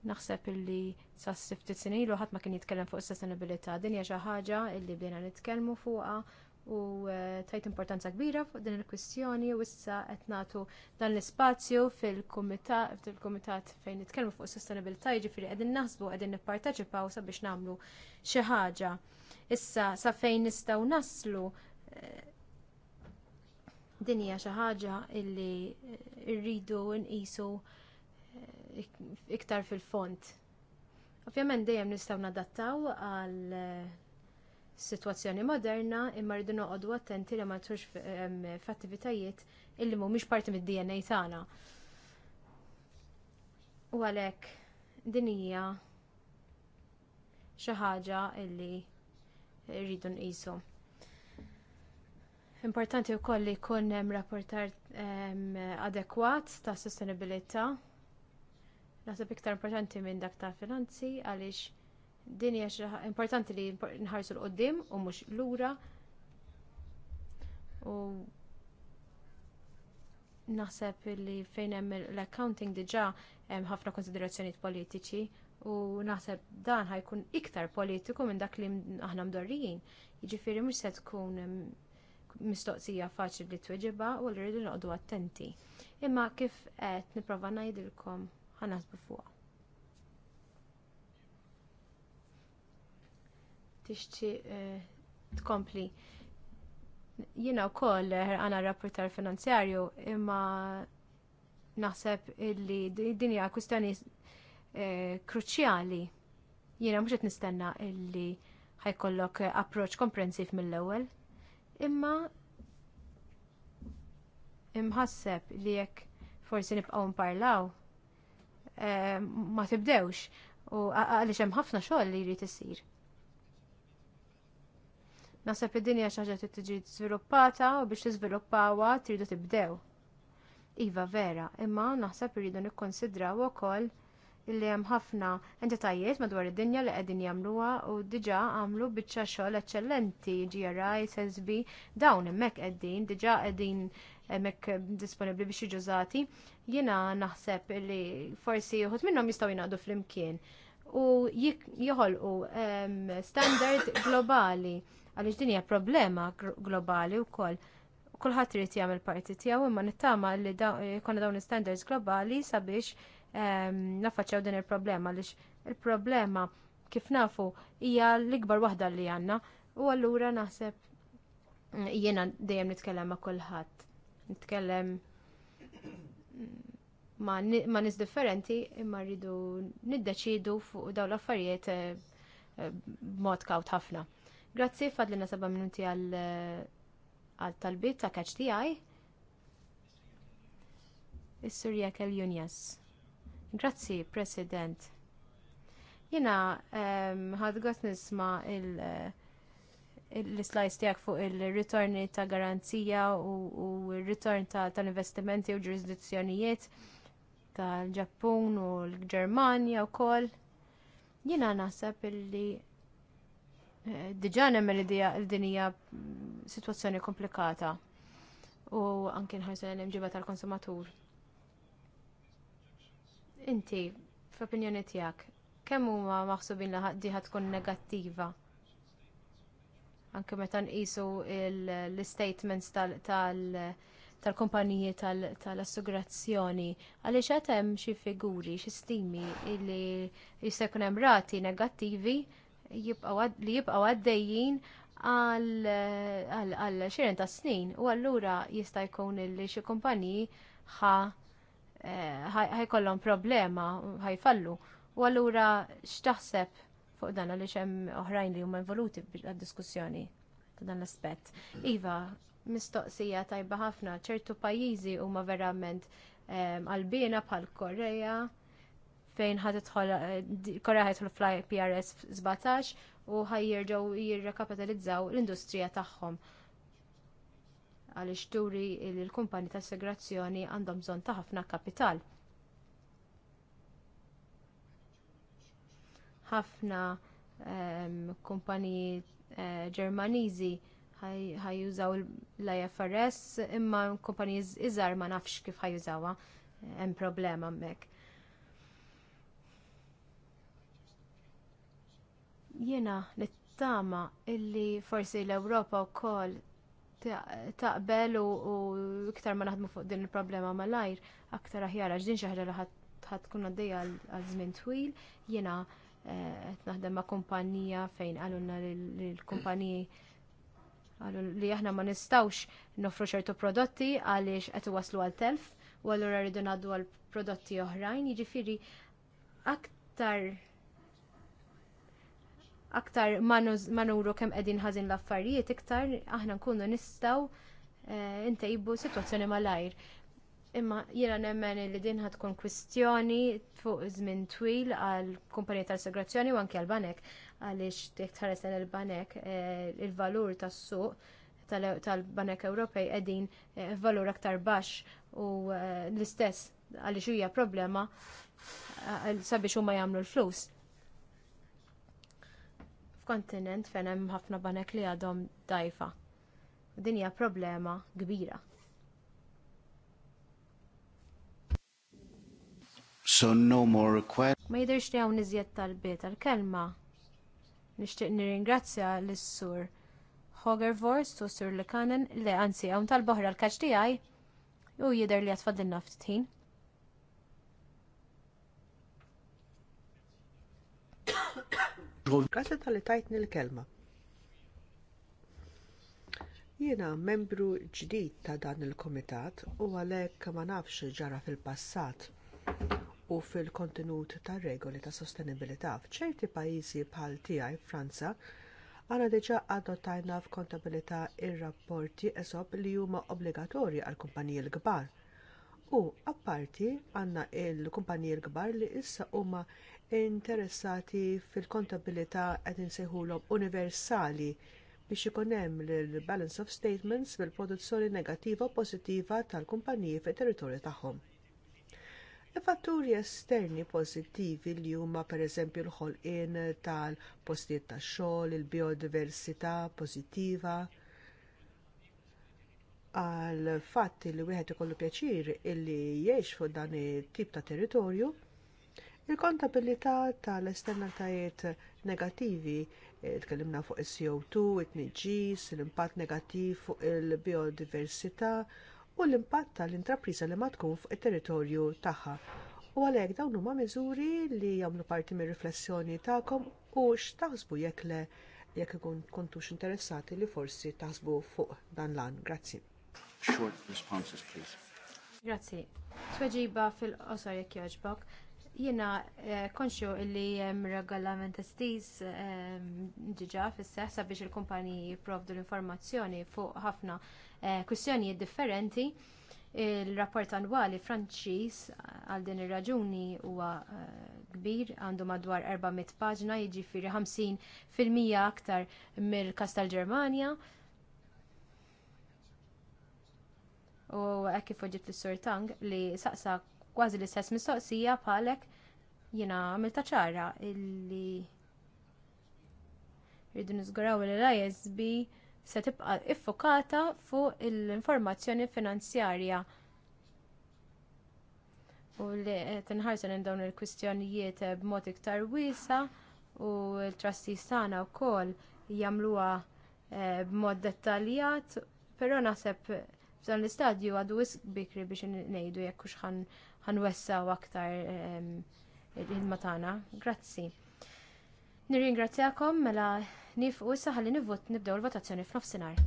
Naħseb illi sa ftit snin ilu ħadd ma kien jitkellem fuq is-sostenibilità. Din hija xi ħaġa li bdejna nitkellmu fuqha u e, tajt importanza kbira fuq din il-kwistjoni u issa qed nagħtu dan l-ispazju fil-kumitat fejn nitkellmu fuq is-sostenibilità jiġifieri qegħdin naħsbu qegħdin nipparteċipaw sabiex nagħmlu xi ħaġa. Issa sa fejn nistgħu naslu e, Din hija xi ħaġa li eh, rridu nqisu eh, iktar fil-font. Ovvjament dejjem nistgħu nadattaw għal eh, situazzjoni moderna imma rridu noqogħdu attenti li ma tux ehm, f'attivitajiet illi mhumiex parti mid-DNA tagħna. U għalhekk din hija xi ħaġa illi rridu nqisu. Importanti wkoll li jkun hemm rapportar adekwat ta' sostenibilità. Naħseb iktar importanti minn dak ta' finanzi għaliex din hija importanti li nħarsu l qoddim u mhux lura. U naħseb li fejn hemm l-accounting diġà hemm ħafna konsiderazzjonijiet politiċi u naħseb dan ħajkun iktar politiku minn dak li aħna mdorrijin. Jiġifieri mhux se tkun mistoqsija faċli li tweġiba u li rridu noqdu attenti. Imma kif qed nipprova ngħidilkom ħanasbu fuqha. tixti eh, tkompli. Jiena wkoll għana rapportar finanzjarju imma naħseb illi din hija kwistjoni eh, kruċjali. Jiena mhux qed nistenna illi ħajkollok approċċ komprensiv mill-ewwel imma imħasseb li jekk forsi nibqgħu nparlaw eh, ma tibdewx u għalix hemm ħafna xogħol li jrid isir. Naħseb id-dinja xi ħaġa tiġi żviluppata u biex tiżviluppawha tridu tibdew. Iva vera, imma naħseb irridu nikkonsidraw ukoll illi hemm ħafna entitajiet madwar id-dinja li qegħdin jagħmluha u diġà għamlu biċċa xogħol eċċellenti GRI, SSB, dawn hemmhekk qegħdin, diġà qegħdin hemmhekk disponibbli biex żati. Jiena naħseb li forsi uħud minnhom jistgħu jingħaqdu flimkien u joħolqu ehm, standard globali għaliex din hija problema globali wkoll kulħadd irid jagħmel parti tiegħu imma nittama li konna dawn l-standards globali sabiex nafaċċaw din il-problema għaliex il-problema kif nafu hija l-ikbar waħda li għandna u allura naħseb jiena dejjem nitkellem ma' kulħadd. Nitkellem ma' nis differenti imma rridu niddeċidu fuq dawn l-affarijiet eh, eh, b'mod kawt ħafna. Grazzi fadlina seba' minuti għal eh, talbit ta' kaċ tiegħi. Is-Surja Kel Junjas. Grazzi, President. Jina, ehm, ħadgot għat nisma l eh, slajs tiegħek fuq il-ritorni ta' garanzija u r-ritorn tal-investimenti u ġurisdizzjonijiet tal-Ġappun u l-Ġermanja wkoll. Jiena naħseb illi eh, diġà nemmel din hija sitwazzjoni komplikata u anke nħarsu l-imġiba tal-konsumatur. Inti, f'opinjoni tiegħek, kemm huma maħsubin li diħa tkun negattiva? Anke meta nqisu l-statements tal-kumpaniji tal-assigurazzjoni, għaliex qed hemm xi figuri, xi stimi li jista' jkun hemm rati negattivi li jibqgħu għaddejjin għal xiren ta' snin u allura jista' jkun li xi kumpaniji ħa Eh, ħajkollhom problema, ħajfallu. U allura x'taħseb fuq dan għaliex hemm oħrajn li huma involuti għad-diskussjoni ta' dan l-aspett. Iva, mistoqsija tajba ħafna, ċertu pajjiżi huma verament għalbina bħal Korea fejn ħad eh, Korea ħadħol fl-PRS 17 u ħajjerġgħu jirrekapitalizzaw l-industrija tagħhom għaliex turi li l-kumpani ta' assigurazzjoni għandhom bżonn ta' ħafna kapital. Ħafna um, kumpaniji eh, Ġermaniżi ħajjużaw l-IFRS imma kumpaniji iżgħar ma nafx kif ħajjużawha hemm problema hemmhekk. Jiena nittama illi forsi l-Ewropa wkoll taqbel u iktar ma naħdmu fuq din il-problema mal malajr, aktar aħjar għax din xi ħaġa li ħadd tkun għaddejja għal żmien twil, jiena eh, qed naħdem ma' kumpanija fejn għalunna l-kumpaniji għallu li aħna ma nistawx nofru ċertu prodotti għaliex qed waslu għal telf u allura rridu ngħaddu għal prodotti oħrajn, jiġifieri aktar aktar ma nuru kemm qegħdin ħażin l-affarijiet iktar aħna nkunu nistgħu eh, ntejbu sitwazzjoni malajr. Imma jiena nemmen li din tkun kwistjoni fuq żmien twil għal kumpanija tal-assigurazzjoni u anke għal banek għaliex jekk tħares il-banek eh, il-valur tas-suq tal-banek Ewropej qegħdin eh, valur aktar baxx u l-istess għaliex hija problema sabiex huma jagħmlu l-flus f'kontinent fejn hemm ħafna banek li għadhom dajfa. Din hija problema kbira. So no more Ma jidirx li hawn iżjed talbiet għall kelma Nixtieq nirringrazzja lis-sur Hogervorst u sur Lekanen li anzi hawn tal-boħra l-kaċ tiegħi u jidher li għatfadilna ftit ħin. Grazie tal-li tajtni l-kelma. Jiena membru ġdid ta' dan il kumitat u għalhekk ma nafx ġara fil-passat u fil-kontenut tar regoli ta' sostenibilità f'ċerti pajjiżi bħal tiegħi Franza għana diġà adottajna f'kontabilità ir-rapporti esob li huma obbligatorji għall kumpaniji l-kbar. U apparti għandna l kumpaniji l-kbar li issa huma interessati fil-kontabilità qed insejħulhom universali biex ikun hemm l-balance of statements bil-produzzjoni negattiva u pożittiva tal-kumpaniji fit-territorju tagħhom. Il-fatturi esterni pożittivi li huma pereżempju l-ħolqien tal-postijiet tax-xogħol, il-biodiversità pożittiva, għal fatt li wieħed ikollu pjaċir illi jgħix fuq dan it-tip ta' territorju, Il-kontabilità tal-esternatajiet negattivi, tkellimna fuq is co 2 it-nġis, l-impatt negattiv fuq il-biodiversità u l-impatt tal-intrapriża li ma tkun fuq it-territorju tagħha. U għalhekk dawn huma miżuri li jagħmlu parti mir-riflessjoni tagħkom u x'taħsbu jekk le jekk ikun kontux interessati li forsi taħsbu fuq dan lan. Grazzi. Short responses, please. Grazzi. Tweġiba fil-qosor jekk jogħġbok Jiena eh, konxju li jem regolament estiz ġiġa ehm, fis seħħ sabiex il-kumpaniji jipprovdu l-informazzjoni fuq ħafna eh, kwistjonijiet differenti il-rapport annwali Franċiż eh, għal din ir-raġuni huwa kbir għandu madwar 400 paġna jiġifieri 50 fil-mija aktar mill-kas tal-Ġermanja. U hekk kif ġibt is-Sur Tang li saqsa kważi l-istess mistoqsija bħalek jiena għamilta ċara illi rridu niżguraw li l-ISB se tibqa iffokata fuq l-informazzjoni finanzjarja u li tinħarsu minn dawn il-kwistjonijiet b'mod iktar wiesa u l-trastis tagħna wkoll jagħmluha eh, b'mod dettaljat, però naħseb f'dan l-istadju għadu wisq bikri biex ngħidu jekk hux ħanwessaw aktar ehm, il-ħidma tagħna. Grazzi. Nirringrazzjakom mela nifqu issa ħalli nivvot nibdew il-votazzjoni f'nofsinhar.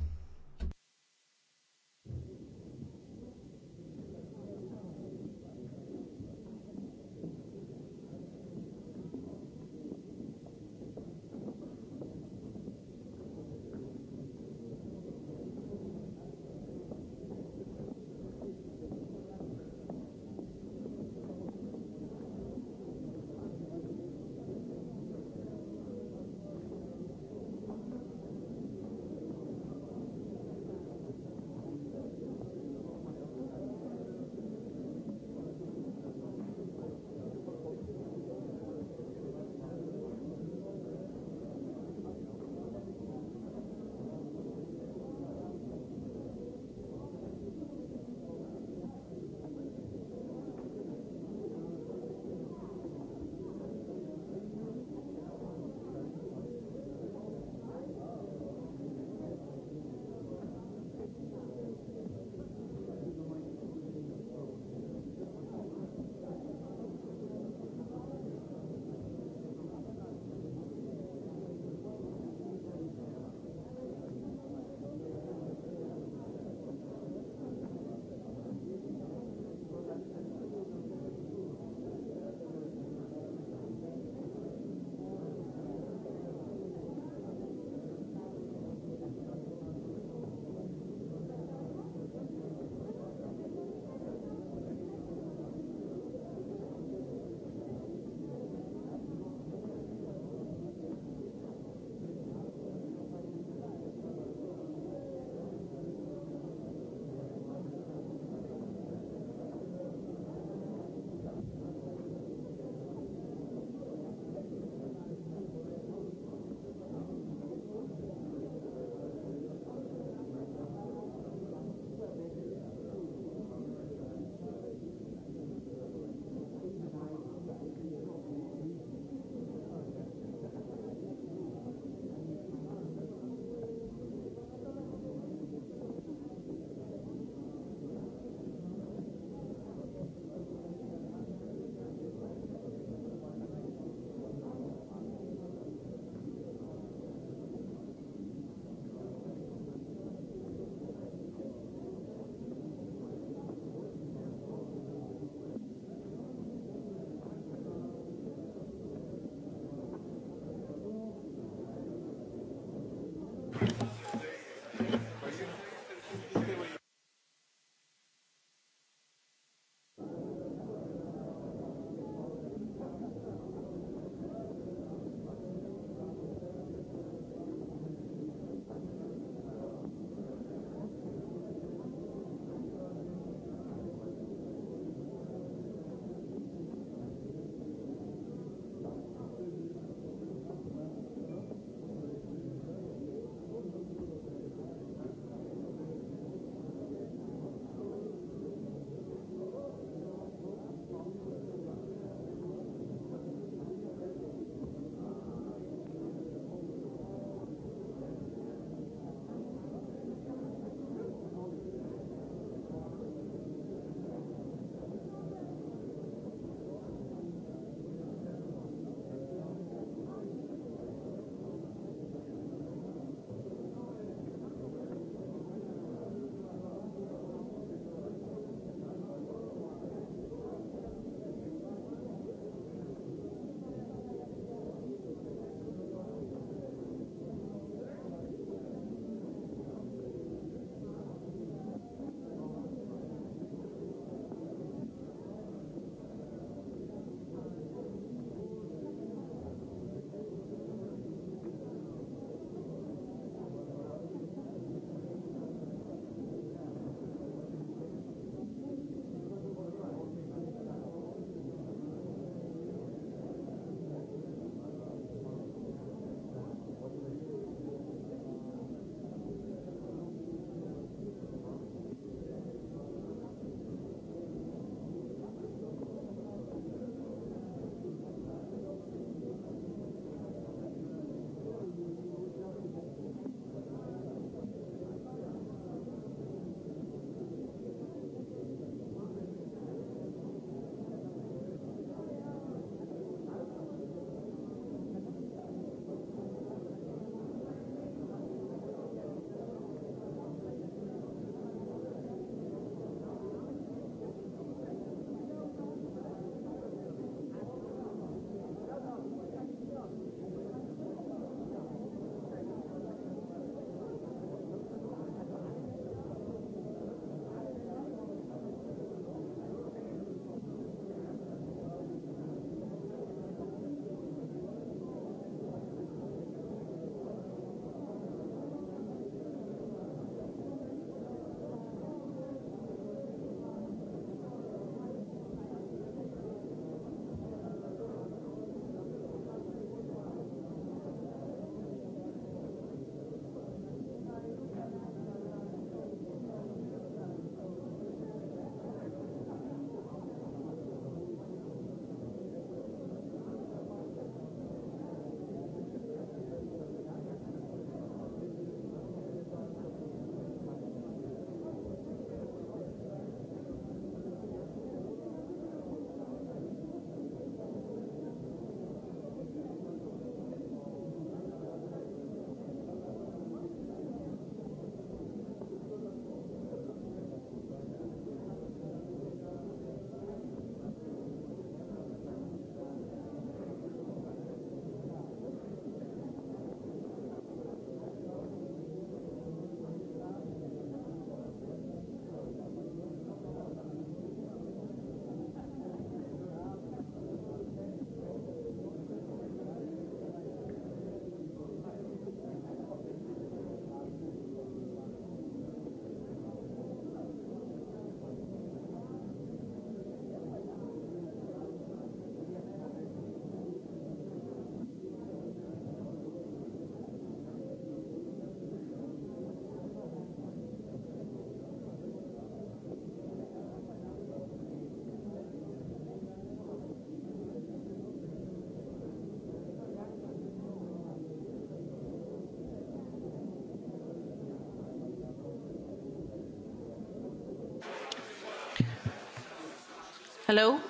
Hello?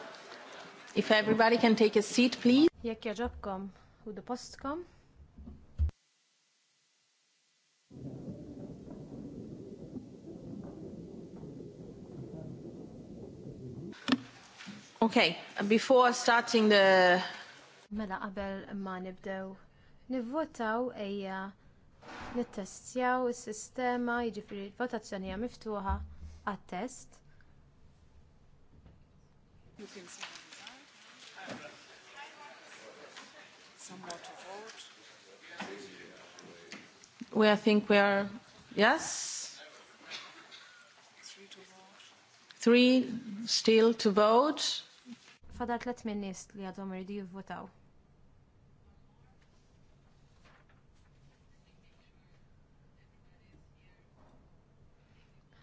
If everybody can take a seat, please. Jekk jaġobkom u postkom. Okay, before starting the... Mela qabel ma nibdew nivvotaw eja nittestjaw is-sistema jiġifieri votazzjoni hija miftuħa għat-test. You can see some more to vote. We, I think we are, yes? Three to vote. Three still to vote. Fadal tlet minn nies li għadhom irridu jivvotaw.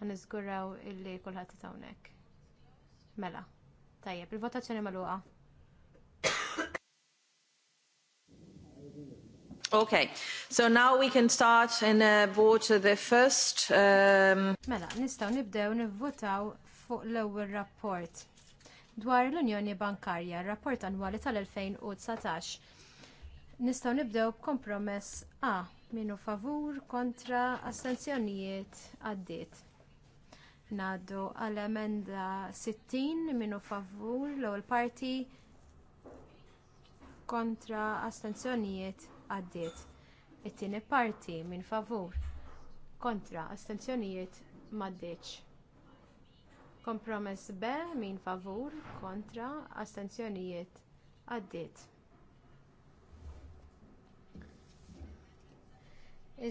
ħanizguraw illi kullħat hawnhekk. Mela. Tajjeb, il-votazzjoni magħluqa. Okay, so now we can start and uh, vote the first. Um, mela, nistaw nibdew nivvotaw fuq l-ewwel rapport dwar l-Unjoni Bankarja, rapport annwali tal-2019. Nistaw nibdew kompromess A, minu favur kontra astenzjonijiet għaddiet. Naddu għal-emenda 60 minu favur l ewwel parti kontra astenzjonijiet għaddiet. It-tieni parti minn favur kontra astenzjonijiet maddiċ. Kompromess B minn favur kontra astenzjonijiet għaddiet.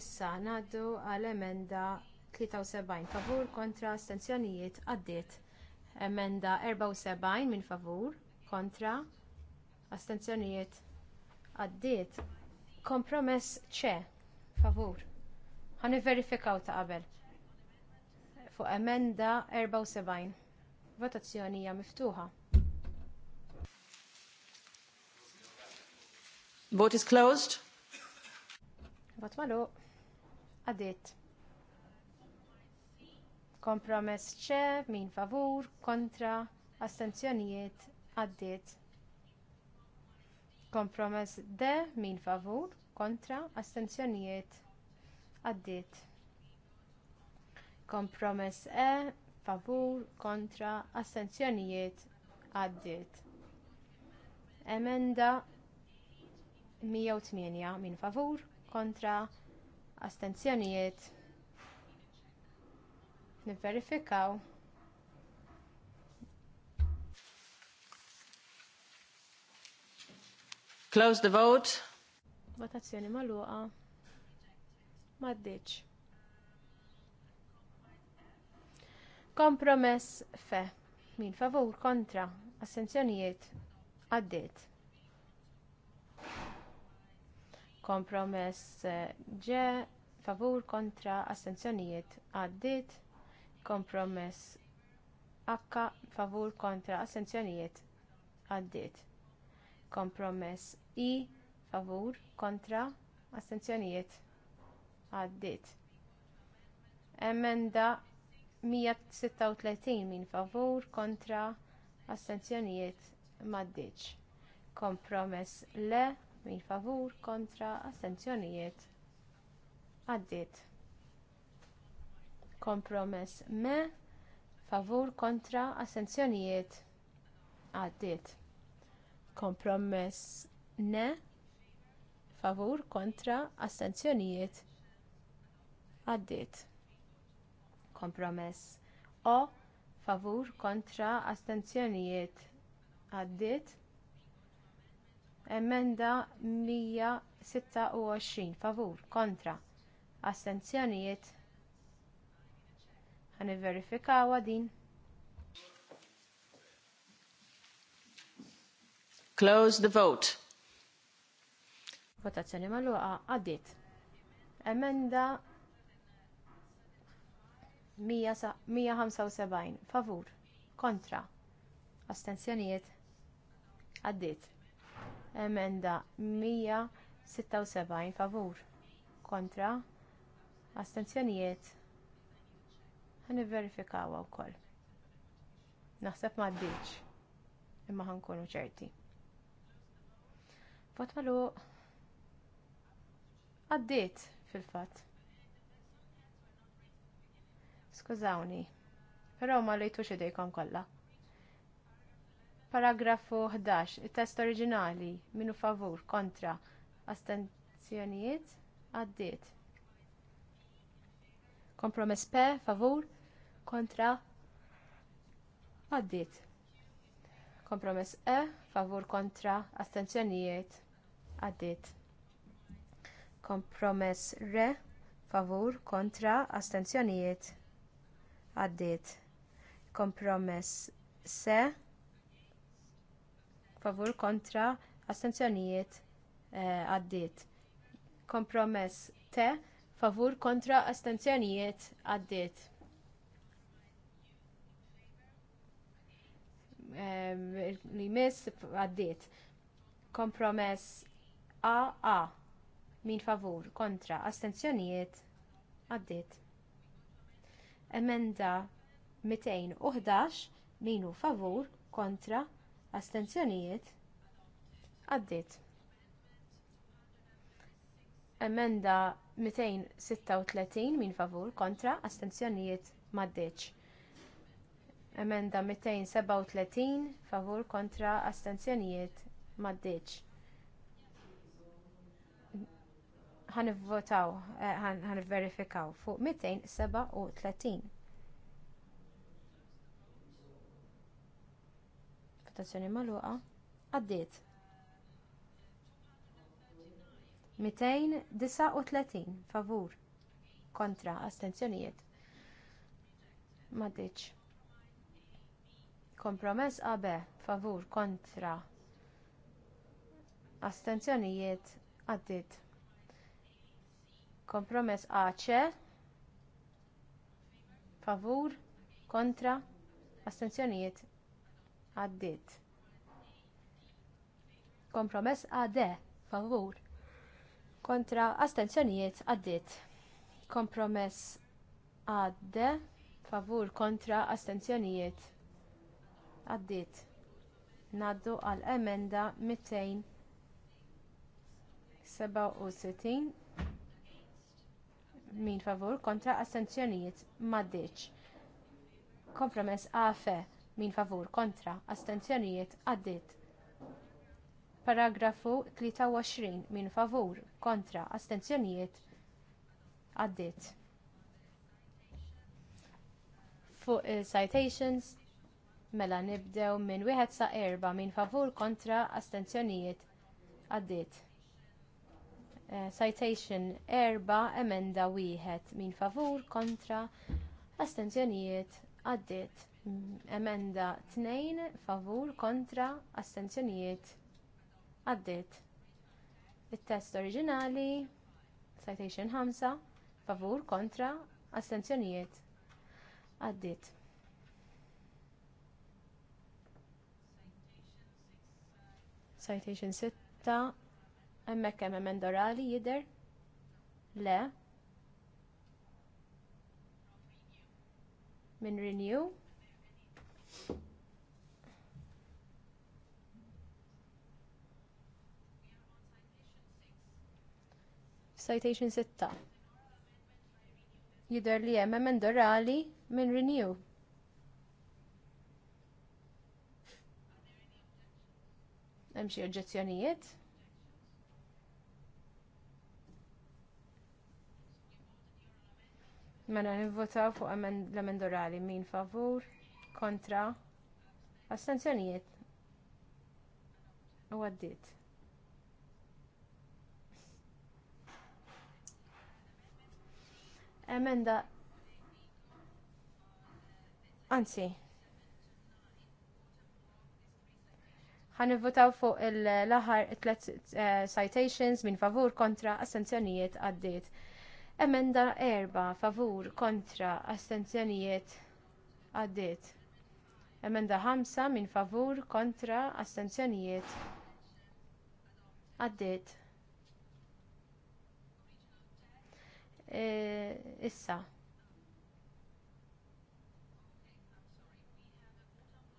Issa ngħaddu għal emenda 73 favur kontra astenzjonijiet għaddiet. Emenda 74 minn favur kontra astenzjonijiet għaddiet. Kompromess ċe favur. Għan verifikaw ta' qabel. Fuq emenda 74. Votazzjoni hija miftuħa. Vote is closed. Vot malu. Għaddit. Kompromess ċe, min favur, kontra, astenzjonijiet, għaddiet. Kompromess de min favur, kontra, astenzjonijiet, għaddiet. Kompromess E, favur, kontra, astenzjonijiet, għaddiet. Emenda 108 min favur kontra astenzjonijiet nivverifikaw. Close the vote. Votazzjoni magħluqa. Maddiċ. Kompromess fe. Min favur kontra. Assenzjonijiet. Għaddiet. Kompromess ġe. Eh, favur kontra. Assenzjonijiet. Għaddiet. Kompromess akka favur kontra assenzjonijiet għaddiet. Kompromess I favur kontra assenzjonijiet għaddiet. Emenda 136 min favur kontra assenzjonijiet maddiċ. Kompromess le min favur kontra assenzjonijiet għaddiet. Kompromess me favur kontra assenzjonijiet għaddiet. Kompromess ne favur kontra assenzjonijiet għaddiet. Kompromess o favur kontra astenzjonijiet għaddiet emenda 126 favur kontra astenzjonijiet Għan verifikawa din. Close the vote. Votazzjoni magħluqa għaddiet. Emenda 175 favur kontra astensjonijiet għaddiet. Emenda 176 favur kontra astensjonijiet ħan wkoll. Naħseb ma ddiċ, imma ħankunu ċerti. Vot malu għaddiet fil-fat. Skużawni, però ma lejtux idejkom kollha. Paragrafu 11, it-test oriġinali, minu favur, kontra, astenzjonijiet, għaddiet. Kompromess P, favur, kontra għaddiet. Kompromess E, favur kontra astenzjonijiet għaddiet. Kompromess re, favur kontra astenzjonijiet għaddiet. Kompromess se favur kontra astenzjonijiet eh, għaddiet. Kompromess te favur kontra astenzjonijiet għaddiet. li miss għaddiet. Kompromess a. min favur kontra astenzjonijiet għaddit. Emenda 211 minu favur kontra astenzjonijiet għaddit. Emenda 236 min favur kontra astenzjonijiet maddeċ. Emenda 237 favur kontra astenzjonijiet maddiċ. Għan votaw, għan eh, verifikaw fuq 237. Votazzjoni maluqa, għaddiet. 239 favur kontra astenzjonijiet maddiċ. Kompromess AB favur kontra astenzjonijiet għaddit. Kompromess AC favur kontra astenzjonijiet għaddit. Kompromess AD favur kontra astenzjonijiet għaddit. Kompromess għadde favur kontra astenzjonijiet għaddiet. Ngħaddu għal emenda 267 min favur kontra astenzjonijiet maddiċ. Kompromess għafe min favur kontra astenzjonijiet għaddiet. Paragrafu 23 min favur kontra astenzjonijiet għaddiet. Fuq eh, citations Mela nibdew minn wieħed sa erba minn favur kontra astenzjonijiet għaddiet. Eh, citation erba emenda wieħed minn favur kontra astenzjonijiet għaddiet. Emenda tnejn favur kontra astenzjonijiet għaddiet. Il-test oriġinali, citation 5, favur kontra astenzjonijiet għaddiet. Citation 6, hemmhekk hemm emenda orali jidher? Le. Min renew. Citation 6. Jidher li hemm emenda orali min renew. Hemm xi oġġezzjonijiet? Mela nivvotaw fuq l amendorali orali min favur, kontra, astenzjonijiet. U għaddit. Emenda. Anzi, ħanivvotaw fuq l-aħħar tlet eh, citations minn favur kontra astenzjonijiet għaddiet. Emenda erba favur kontra astenzjonijiet għaddiet. Emenda ħamsa minn favur kontra astenzjonijiet għaddiet. Eh, issa.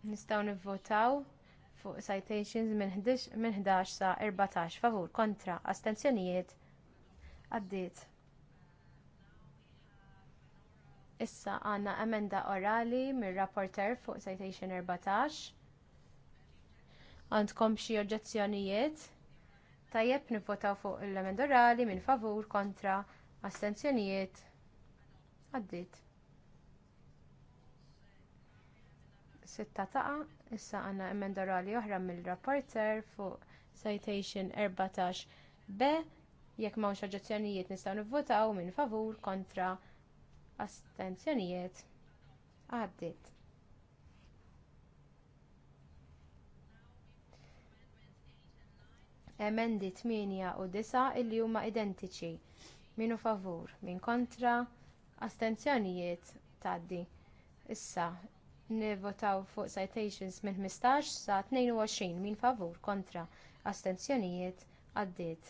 Nistgħu nivvotaw fuq citations minn 11 sa 14 favur kontra astensjonijiet għaddiet. Issa għandna emenda orali mir rapporter fuq citation 14. Għandkom xi oġġezzjonijiet? Tajjeb nivvotaw fuq l-emenda orali minn favur kontra astensjonijiet għaddiet. Sitta taqa' Issa għandna emenda rali oħra mill-rapporter fuq citation 14 b jekk m'hawnx oġġezzjonijiet nistgħu nivvotaw minn favur kontra astenzjonijiet għaddit. Emendi 8 u 9 illi huma identiċi. minn favur, minn kontra, astenzjonijiet tgħaddi. Issa, nivvotaw fuq citations minn 15 sa 22 min favur kontra astenzjonijiet għaddiet.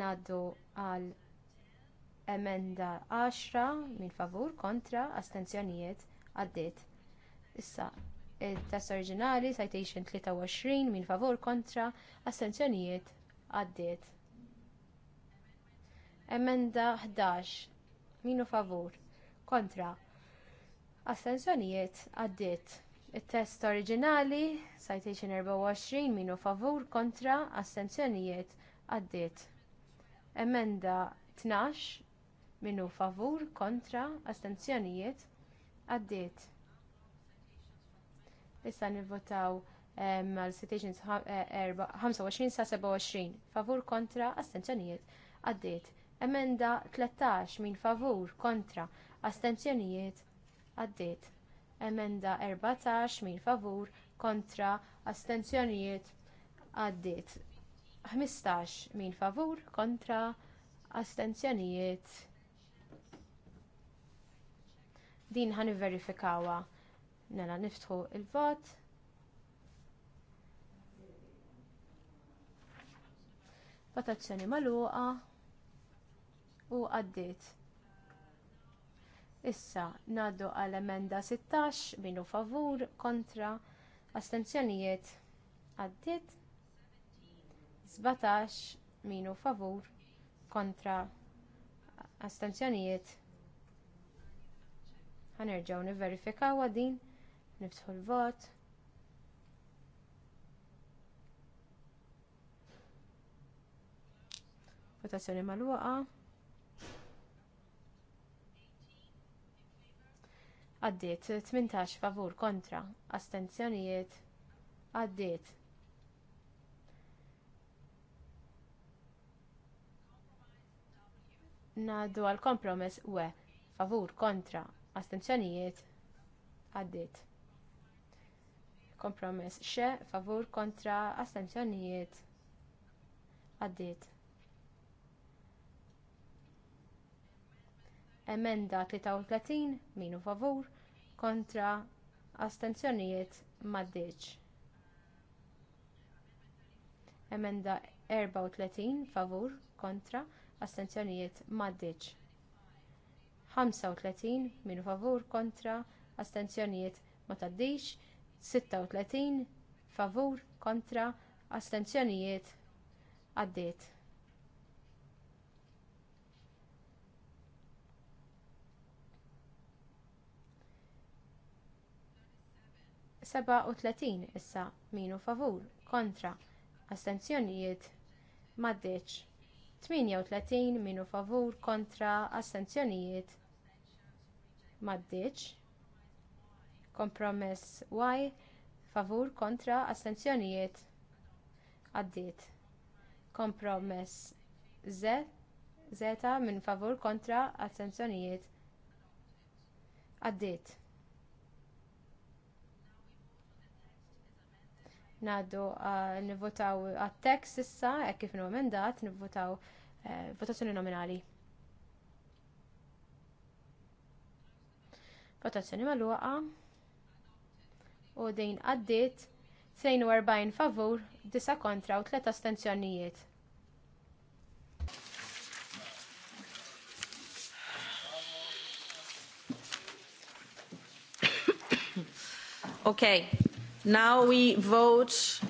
Ngħaddu għal emenda 10 min favur kontra astenzjonijiet għaddiet. Issa il-test oriġinali citation 23 min favur kontra astenzjonijiet għaddiet. Emenda 11 minu favur kontra Astenzjonijiet għaddiet. Il-test oriġinali, citation 24, minu favur kontra astenzjonijiet għaddiet. Emenda 12, minu favur kontra astenzjonijiet għaddiet. Issa nivvotaw mal um, citations 25 e, sa 27, favur kontra astenzjonijiet għaddiet. Emenda 13, min favur kontra astenzjonijiet għaddiet. Emenda 14 mil favur kontra astenzjonijiet għaddiet. 15 mil favur kontra astenzjonijiet. Din ħan verifikawa. Nela niftħu l vot Votazzjoni magħluqa u għaddiet. Issa ngħaddu għal emenda 16 minu favur kontra astenzjonijiet għaddiet 17 minu favur kontra astenzjonijiet ħanerġaw niverifikaw din niftħu l-vot votazzjoni mal-waqa għaddiet 18 favur kontra astenzjonijiet għaddiet Ngħaddu għal kompromess u favur kontra astenzjonijiet għaddiet kompromess xe favur kontra astenzjonijiet għaddiet emenda 33 minu favur kontra astenzjonijiet maddiċ. Emenda 34 favur kontra astenzjonijiet maddiċ. 35 minu favur kontra astenzjonijiet ma taddix, 36 favur kontra astenzjonijiet għaddiet. 37 issa minu favur kontra astenzjonijiet maddeċ 38 minu favur kontra astenzjonijiet maddeċ kompromess Y favur kontra astenzjonijiet għaddiet kompromess Z Z minn favur kontra astenzjonijiet għaddiet Ngħaddu nivvotaw għat-tekst issa, hekk kif nomendat, nivvotaw e, votazzjoni nominali. Votazzjoni magħluqa. U din għaddiet 42 favur, 9 kontra u 3 astenzjonijiet. Okay. Now we vote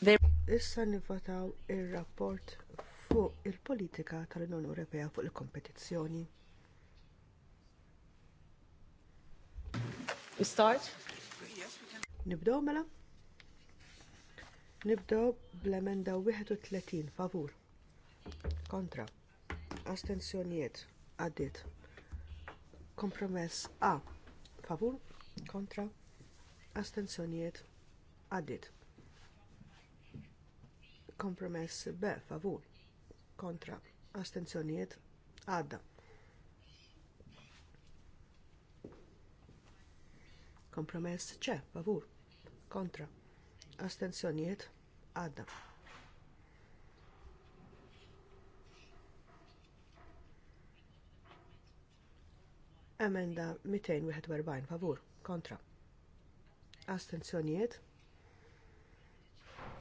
the... Issa nivvotaw ir rapport fuq il-politika tal-Unjoni Ewropea fuq il-kompetizzjoni. We start? Nibdow mela? Nibdow bl-emenda 31 favur. Kontra. Astenzjonijiet. Addit. Kompromess A. Favur. Kontra astenzjonijiet għaddit. Kompromess B favur kontra astenzjonijiet għadda. Kompromess C favur kontra astenzjonijiet għadda. Emenda 241 favur kontra astenzjonijiet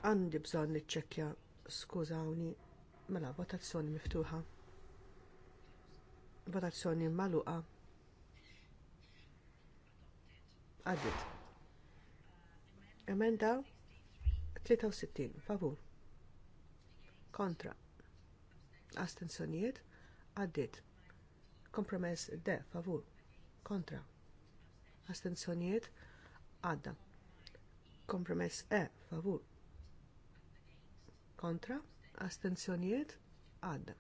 għandi bżonn niċċekkja skużawni mela votazzjoni miftuħa votazzjoni magħluqa. għaddit emenda 63 favur kontra astenzjonijiet għaddit kompromess de favur kontra astenzjonijiet għadda. Kompromess E, favur. Kontra, astenzjoniet, għadda.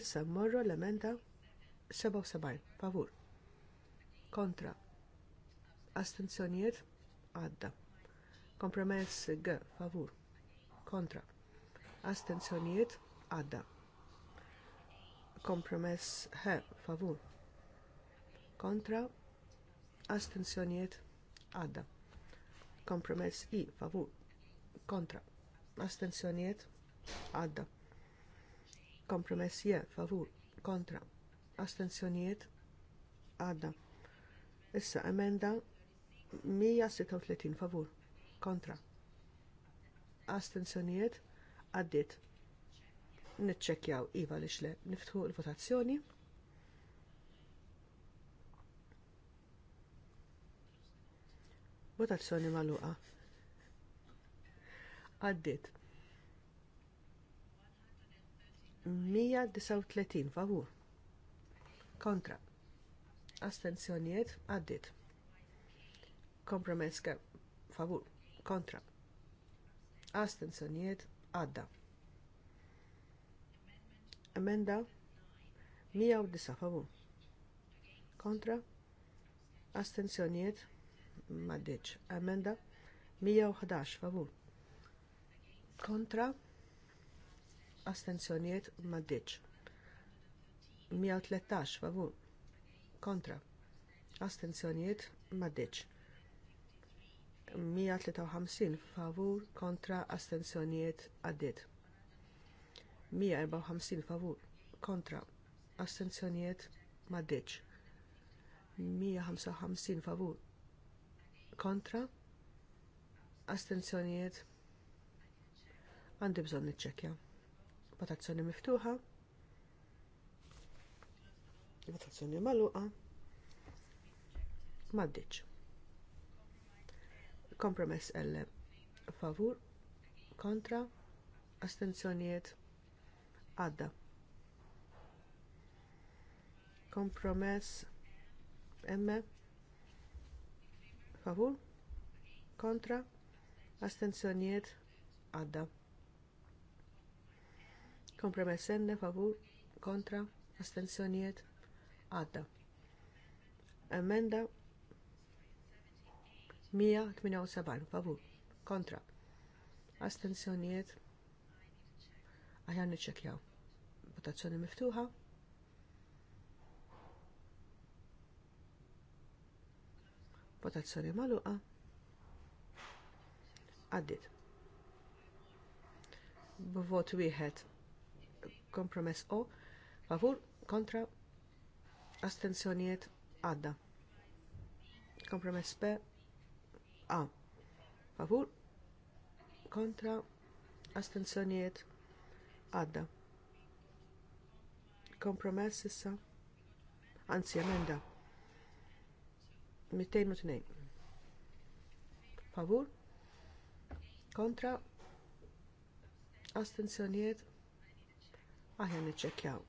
Issa morru l-emenda 77, favur. Kontra, astenzjoniet, għadda. Kompromess G, favur. Kontra, astenzjoniet, għadda. Kompromess H, favur. Kontra, astensjonijiet għadda. Kompromess i favur kontra astensjonijiet għadda. Kompromess je favur kontra astensjonijiet għadda. Issa emenda 136 favur kontra astensjonijiet għaddit. Niċċekkjaw iva li xle niftħu l-votazzjoni. Votazzjoni maluqa. Għaddit. 139 favur. Kontra. Astenzjoniet għaddit. Kompromess kemm favur. Kontra. Astenzjoniet għadda. Emenda 109 favur. Kontra. għadda maddiċ. Amenda, 111 favur. Kontra astenzjoniet maddiċ. 113 favur. Kontra astenzjoniet maddiċ. 153 favur kontra astenzjoniet għaddit. 154 favur kontra astenzjoniet maddiċ. 155 favur kontra astenzjonijiet għandi bżon niċċekkja. Votazzjoni miftuħa. Votazzjoni magħluqa. Maddiċ. Kompromess L. Favur kontra astenzjonijiet għadda. Kompromess M favur kontra astenzjonijiet għadda kompromessenne favur kontra astenzjonijiet għadda emenda 178 favur kontra astenzjonijiet għajan niċċekjaw votazzjoni miftuħa Votazzjoni maluqa. Għaddit. B'vot wieħed kompromess O favur kontra astenzjonijiet għadda. Kompromess B A favur kontra astenzjonijiet għadda. Kompromess issa anzi emenda 202 favur kontra Astenzjoniet? aħja niċċekkjaw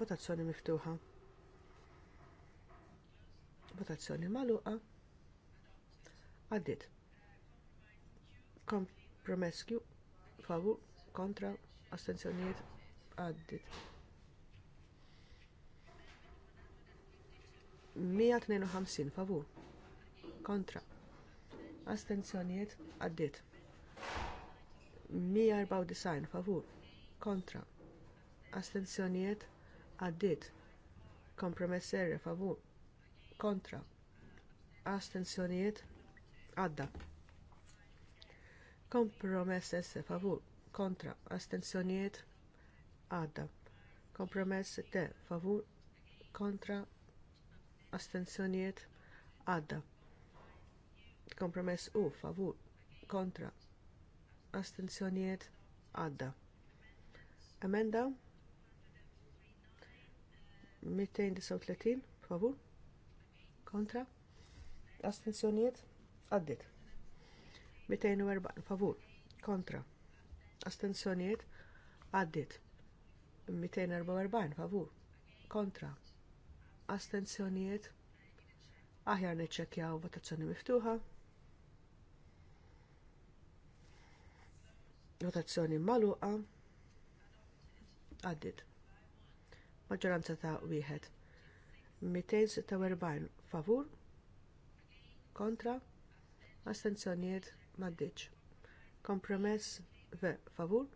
votazzjoni miftuħa votazzjoni maluqa. Għaddit. Kompromesskju? favur kontra Astenzjoniet? Għaddit. 152 favur kontra astenzjonijiet għaddiet 194 favur kontra astenzjonijiet għaddiet kompromess erre favur kontra astenzjonijiet għadda kompromess esse favur kontra astenzjonijiet għadda kompromess te favur kontra astenzjonijiet għadda Kompromess u favur kontra astenzjonijiet għadda. Emenda 239 favur kontra astenzjonijiet għaddit. 240 favur kontra astenzjonijiet għaddit. 244 favur kontra astenzjonijiet aħjar neċċekkjaw votazzjoni miftuħa. Votazzjoni magħluqa. Għaddit. Maġġoranza ta' wieħed. 246 favur kontra astenzjonijiet maddiċ. Kompromess v favur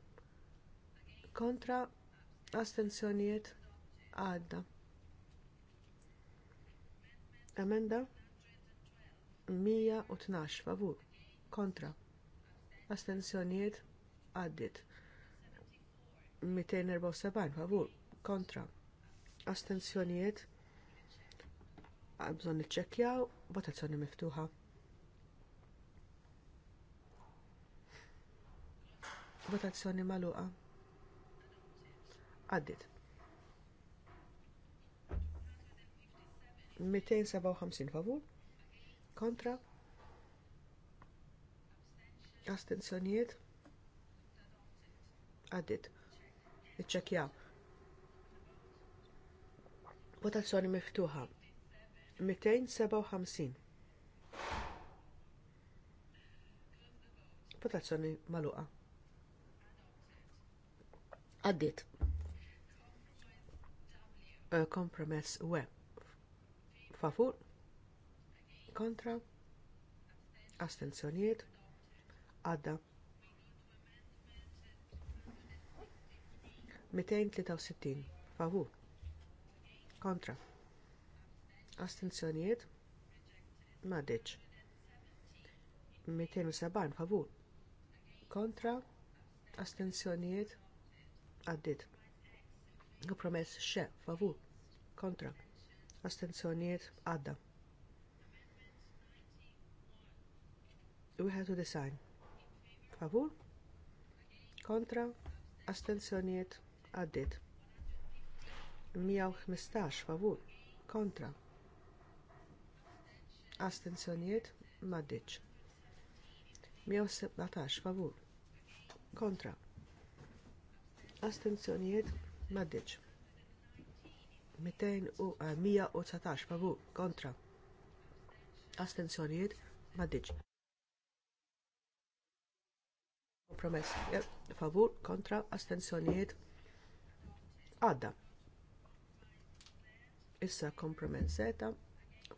kontra astenzjonijiet għadda. Amenda 112 favur kontra astenzjonijiet għaddit 274 favur kontra astensjonijiet bżonn niċċekkjaw votazzjoni miftuħa. Votazzjoni maluqa Għaddit. 257 favur kontra astenzjonijiet għaddit. Iċċekjaw. Votazzjoni miftuħa. 257. Votazzjoni maluqa. Għaddit. Eh, kompromess uh, web kontra, astenzjoniet, għadda. 263 favu kontra astenzjonijiet m'għaddiċ 270 favur kontra astenzjonijiet għaddit promess xe favur kontra astenzjonijiet għadda wieħed u design favur kontra astenzjonijiet għaddit. 115 favur kontra. Astenzjonijiet maddiċ. 117 favur kontra. Astenzjonijiet maddiċ. 219 eh, favur kontra. Astenzjonijiet maddiċ. Kompromess favur kontra astenzjonijiet għadda. Issa kompromen seta,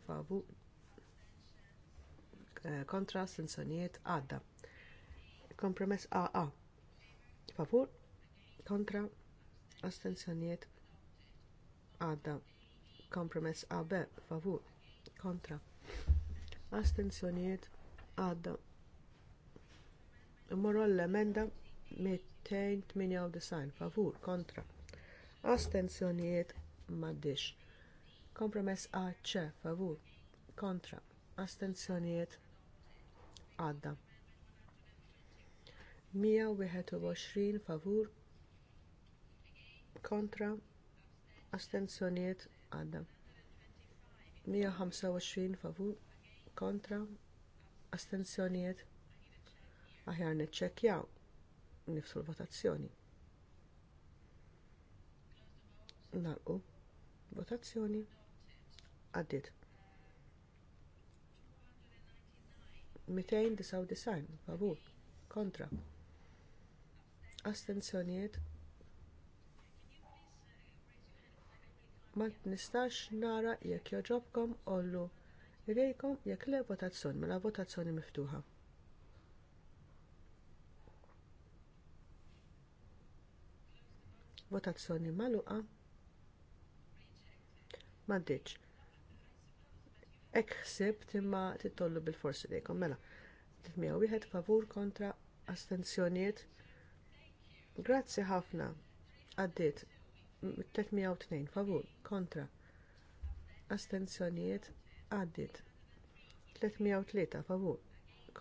favu eh, kontra sensonijiet għadda. Kompromess AA favur kontra astensjoniet għadda. Kompromess AB favur kontra astensjoniet għadda. Morol l-emenda 298 favur kontra astenzjonijiet maddix. Kompromess AC favur kontra astenzjonijiet għadda. 121 favur kontra astenzjonijiet għadda. 125 favur kontra astenzjonijiet aħjar niċċekkjaw nifsu l-votazzjoni. Nalqu. Votazzjoni. Għaddit. 299 favur kontra. Astenzjonijiet ma nistax nara jekk joġobkom ollu idejkom jekk le votazzjoni mela votazzjoni miftuħa. Votazzjoni magħluqa maddiċ. Ek ħsibt imma titollu bil-forsi dejkom, mela. wieħed favur kontra astenzjoniet. Grazzi ħafna. Għaddit. 302 favur kontra astenzjoniet. Għaddit. 303 favur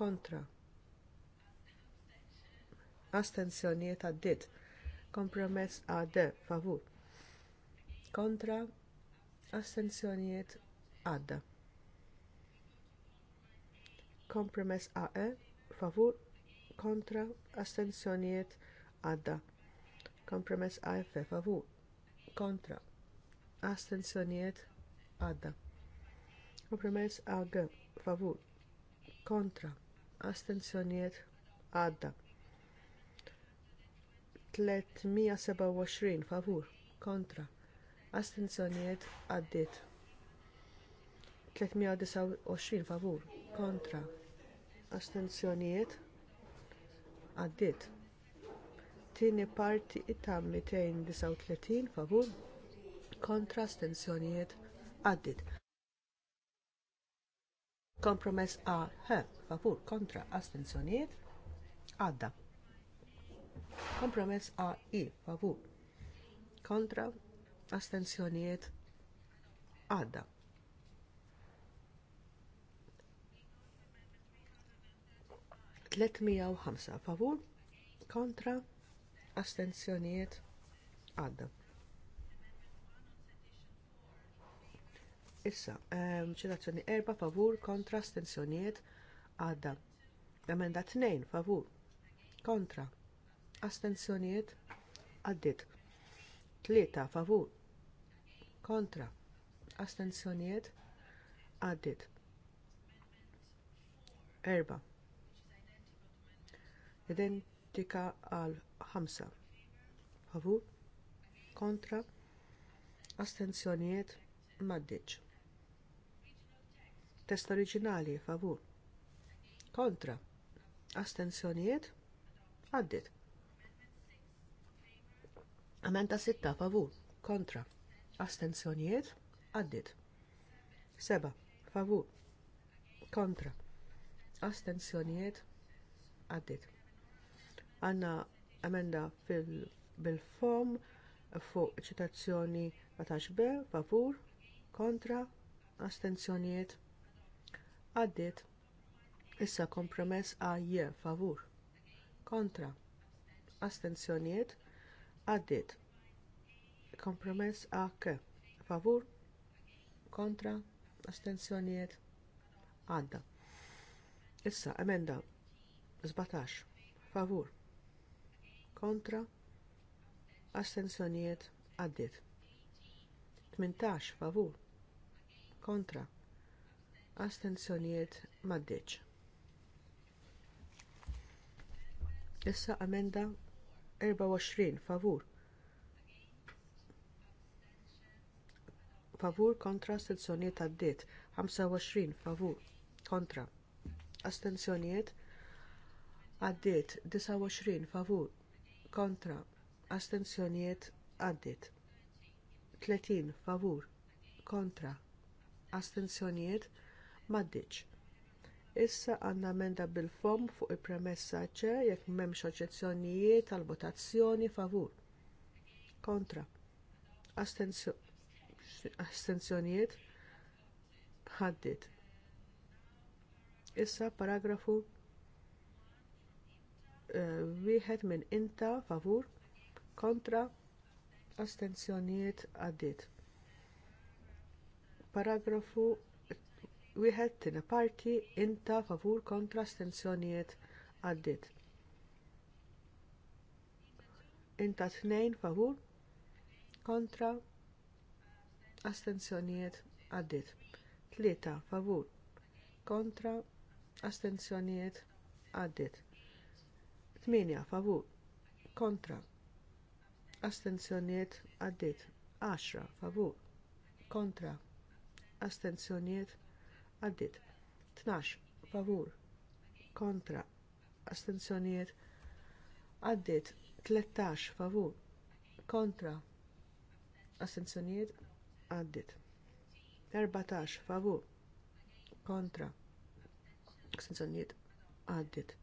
kontra astenzjoniet għaddit kompromess għadde favur kontra astensjonijiet għadda. Kompromess AE favur kontra astensjonijiet għadda. Kompromess AF favur kontra astensjonijiet għadda. Kompromess AG favur kontra astensjonijiet għadda. 327 favur kontra astenzjonijiet għaddiet. 329 favur kontra astenzjonijiet għaddiet. Tieni parti itam 239 favur kontra astenzjonijiet għaddiet. Kompromess A, h. favur kontra astenzjonijiet għadda. Kompromess A, i, favur kontra astensjonijiet għadda. ħamsa favur kontra astensjonijiet għadda. Issa, ehm, ċitazzjoni um, erba favur kontra astensjonijiet għadda. Emenda tnejn favur kontra astensjonijiet għaddit tlieta favur kontra astensjonijiet għaddit erba identika għal ħamsa favur kontra astensjonijiet maddiċ test oriġinali favur kontra astensjonijiet għaddit Amenta sitta favur kontra astenzjonijiet għaddit. Seba favur kontra astenzjonijiet għaddit. Għanna amenda bil-fom fuq ċitazzjoni 14b favur kontra astenzjonijiet għaddit. Issa kompromess għajje favur kontra astenzjonijiet għaddit kompromess AK favur kontra astensjonijiet għadda issa emenda 17 favur kontra astensjonijiet għaddit 18 favur kontra astensjonijiet maddeċ issa emenda 24 favur. Favur kontra astensjonijiet għaddiet. 25 favur kontra astensjonijiet għaddiet. 29 favur kontra astensjonijiet għaddiet. 30 favur kontra astensjonijiet maddiċ. Issa għandna emenda bil-fom fuq il-premessa ċe jekk m'hemmx oġġezzjonijiet għall votazzjoni favur. Kontra. Astenzjonijiet ħaddit. Issa paragrafu eh, wieħed minn inta favur kontra astenzjonijiet għaddit. Paragrafu wieħed tieni parti inta favur kontra astensjonijiet għaddit. Inta tnejn favur kontra astensjonijiet għaddit. Tlieta favur kontra astensjonijiet għaddit. Tminja favur kontra astensjonijiet għaddit. 10 favur kontra astensjonijiet għaddit. Tnax, Favur. Kontra. Astenzjonijiet. Għaddit. 13. Favur. Kontra. Astenzjonijiet. Għaddit. 14. Favur. Kontra. Astenzjonijiet. Għaddit.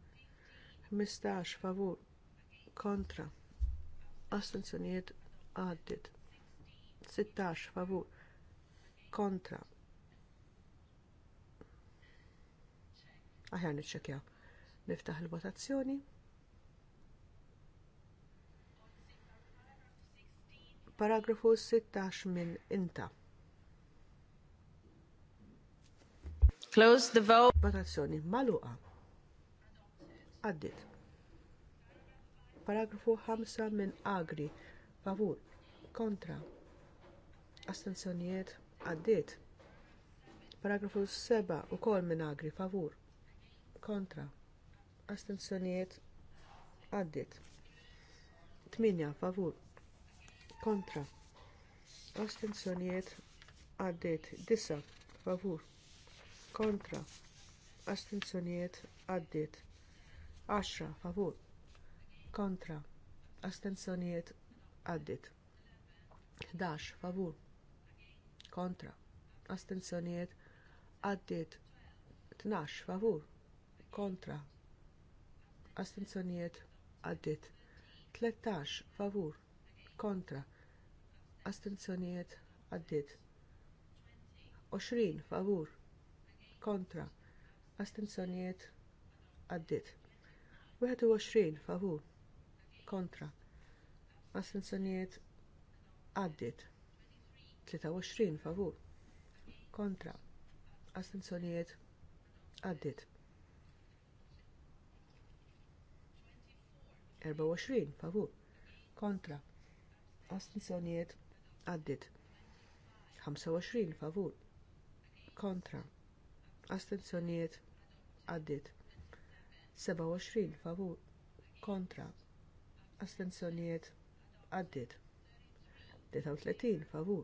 15. Favur. Kontra. Astenzjonijiet. Għaddit. 16. Favur. Kontra aħjar niċċekkja. Niftaħ il-votazzjoni. Paragrafu 16 minn inta. Close the vote. Votazzjoni maluqa. Għaddit. Paragrafu 5 minn agri. Favur. Kontra. Astenzjonijiet. Għaddit. Paragrafu 7 u kol minn agri. Favur kontra astensjonijiet għaddit 8 favur kontra astensjonijiet għaddit Disa. favur kontra astensjonijiet għaddit 10 favur kontra astensjonijiet għaddit 11 favur kontra astensjonijiet għaddit 12 favur kontra astenzjonijiet għaddit 13 favur kontra astenzjonijiet għaddit 20 favur kontra astenzjonijiet għaddit 21 favur kontra astenzjonijiet għaddit 23 favur kontra astenzjonijiet għaddit 24 favur kontra astensjonijiet għaddit 25 favur kontra astensjonijiet għaddit 27 favur kontra astensjonijiet għaddit 33 favur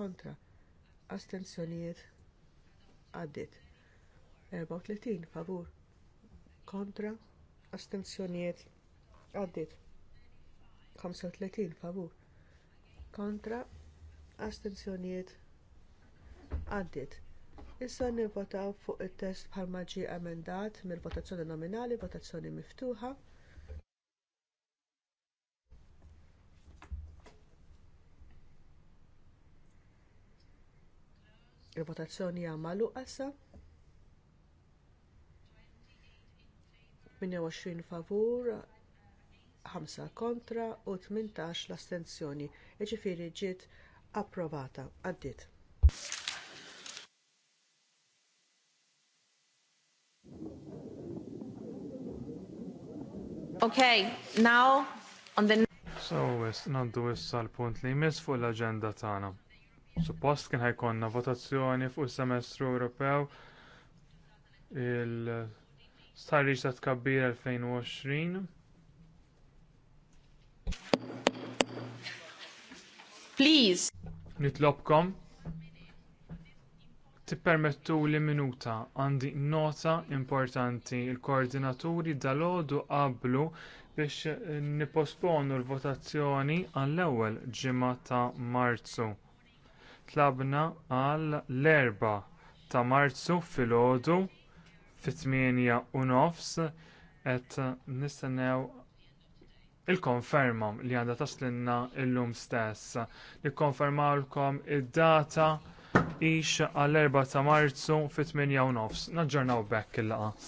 kontra astensjonijiet għaddit 34 favur kontra astenzjonijiet għaddit 35 favur kontra astenzjonijiet għaddit issa nivvotaw fuq it-test bħalma ġie emendat mill-votazzjoni nominali votazzjoni miftuħa il-votazzjoni hija magħluqa 28 favur, 5 kontra u 18 l-astenzjoni. Iġifieri ġiet approvata. Għaddiet. Okay, now on the So, wis nandu issa l-punt li jmiss fuq l-aġenda tagħna. Suppost kien ħajkonna votazzjoni fuq is semestru Ewropew il Starriġ ta' tkabbir 2020. Please. Nitlobkom. Tippermettu li minuta għandi nota importanti il-koordinaturi dalgħodu qablu biex eh, nipposponu l-votazzjoni għall-ewwel ġimgħa ta' Marzu. Tlabna għall erba ta' Marzu filgħodu fit-8 u nofs qed nistennew il-konferma li għandha taslinna llum stess. Nikkonfermawlkom id-data ix għall-4 ta' Marzu fit-8 u nofs. Naġġornaw bekk il laqgħa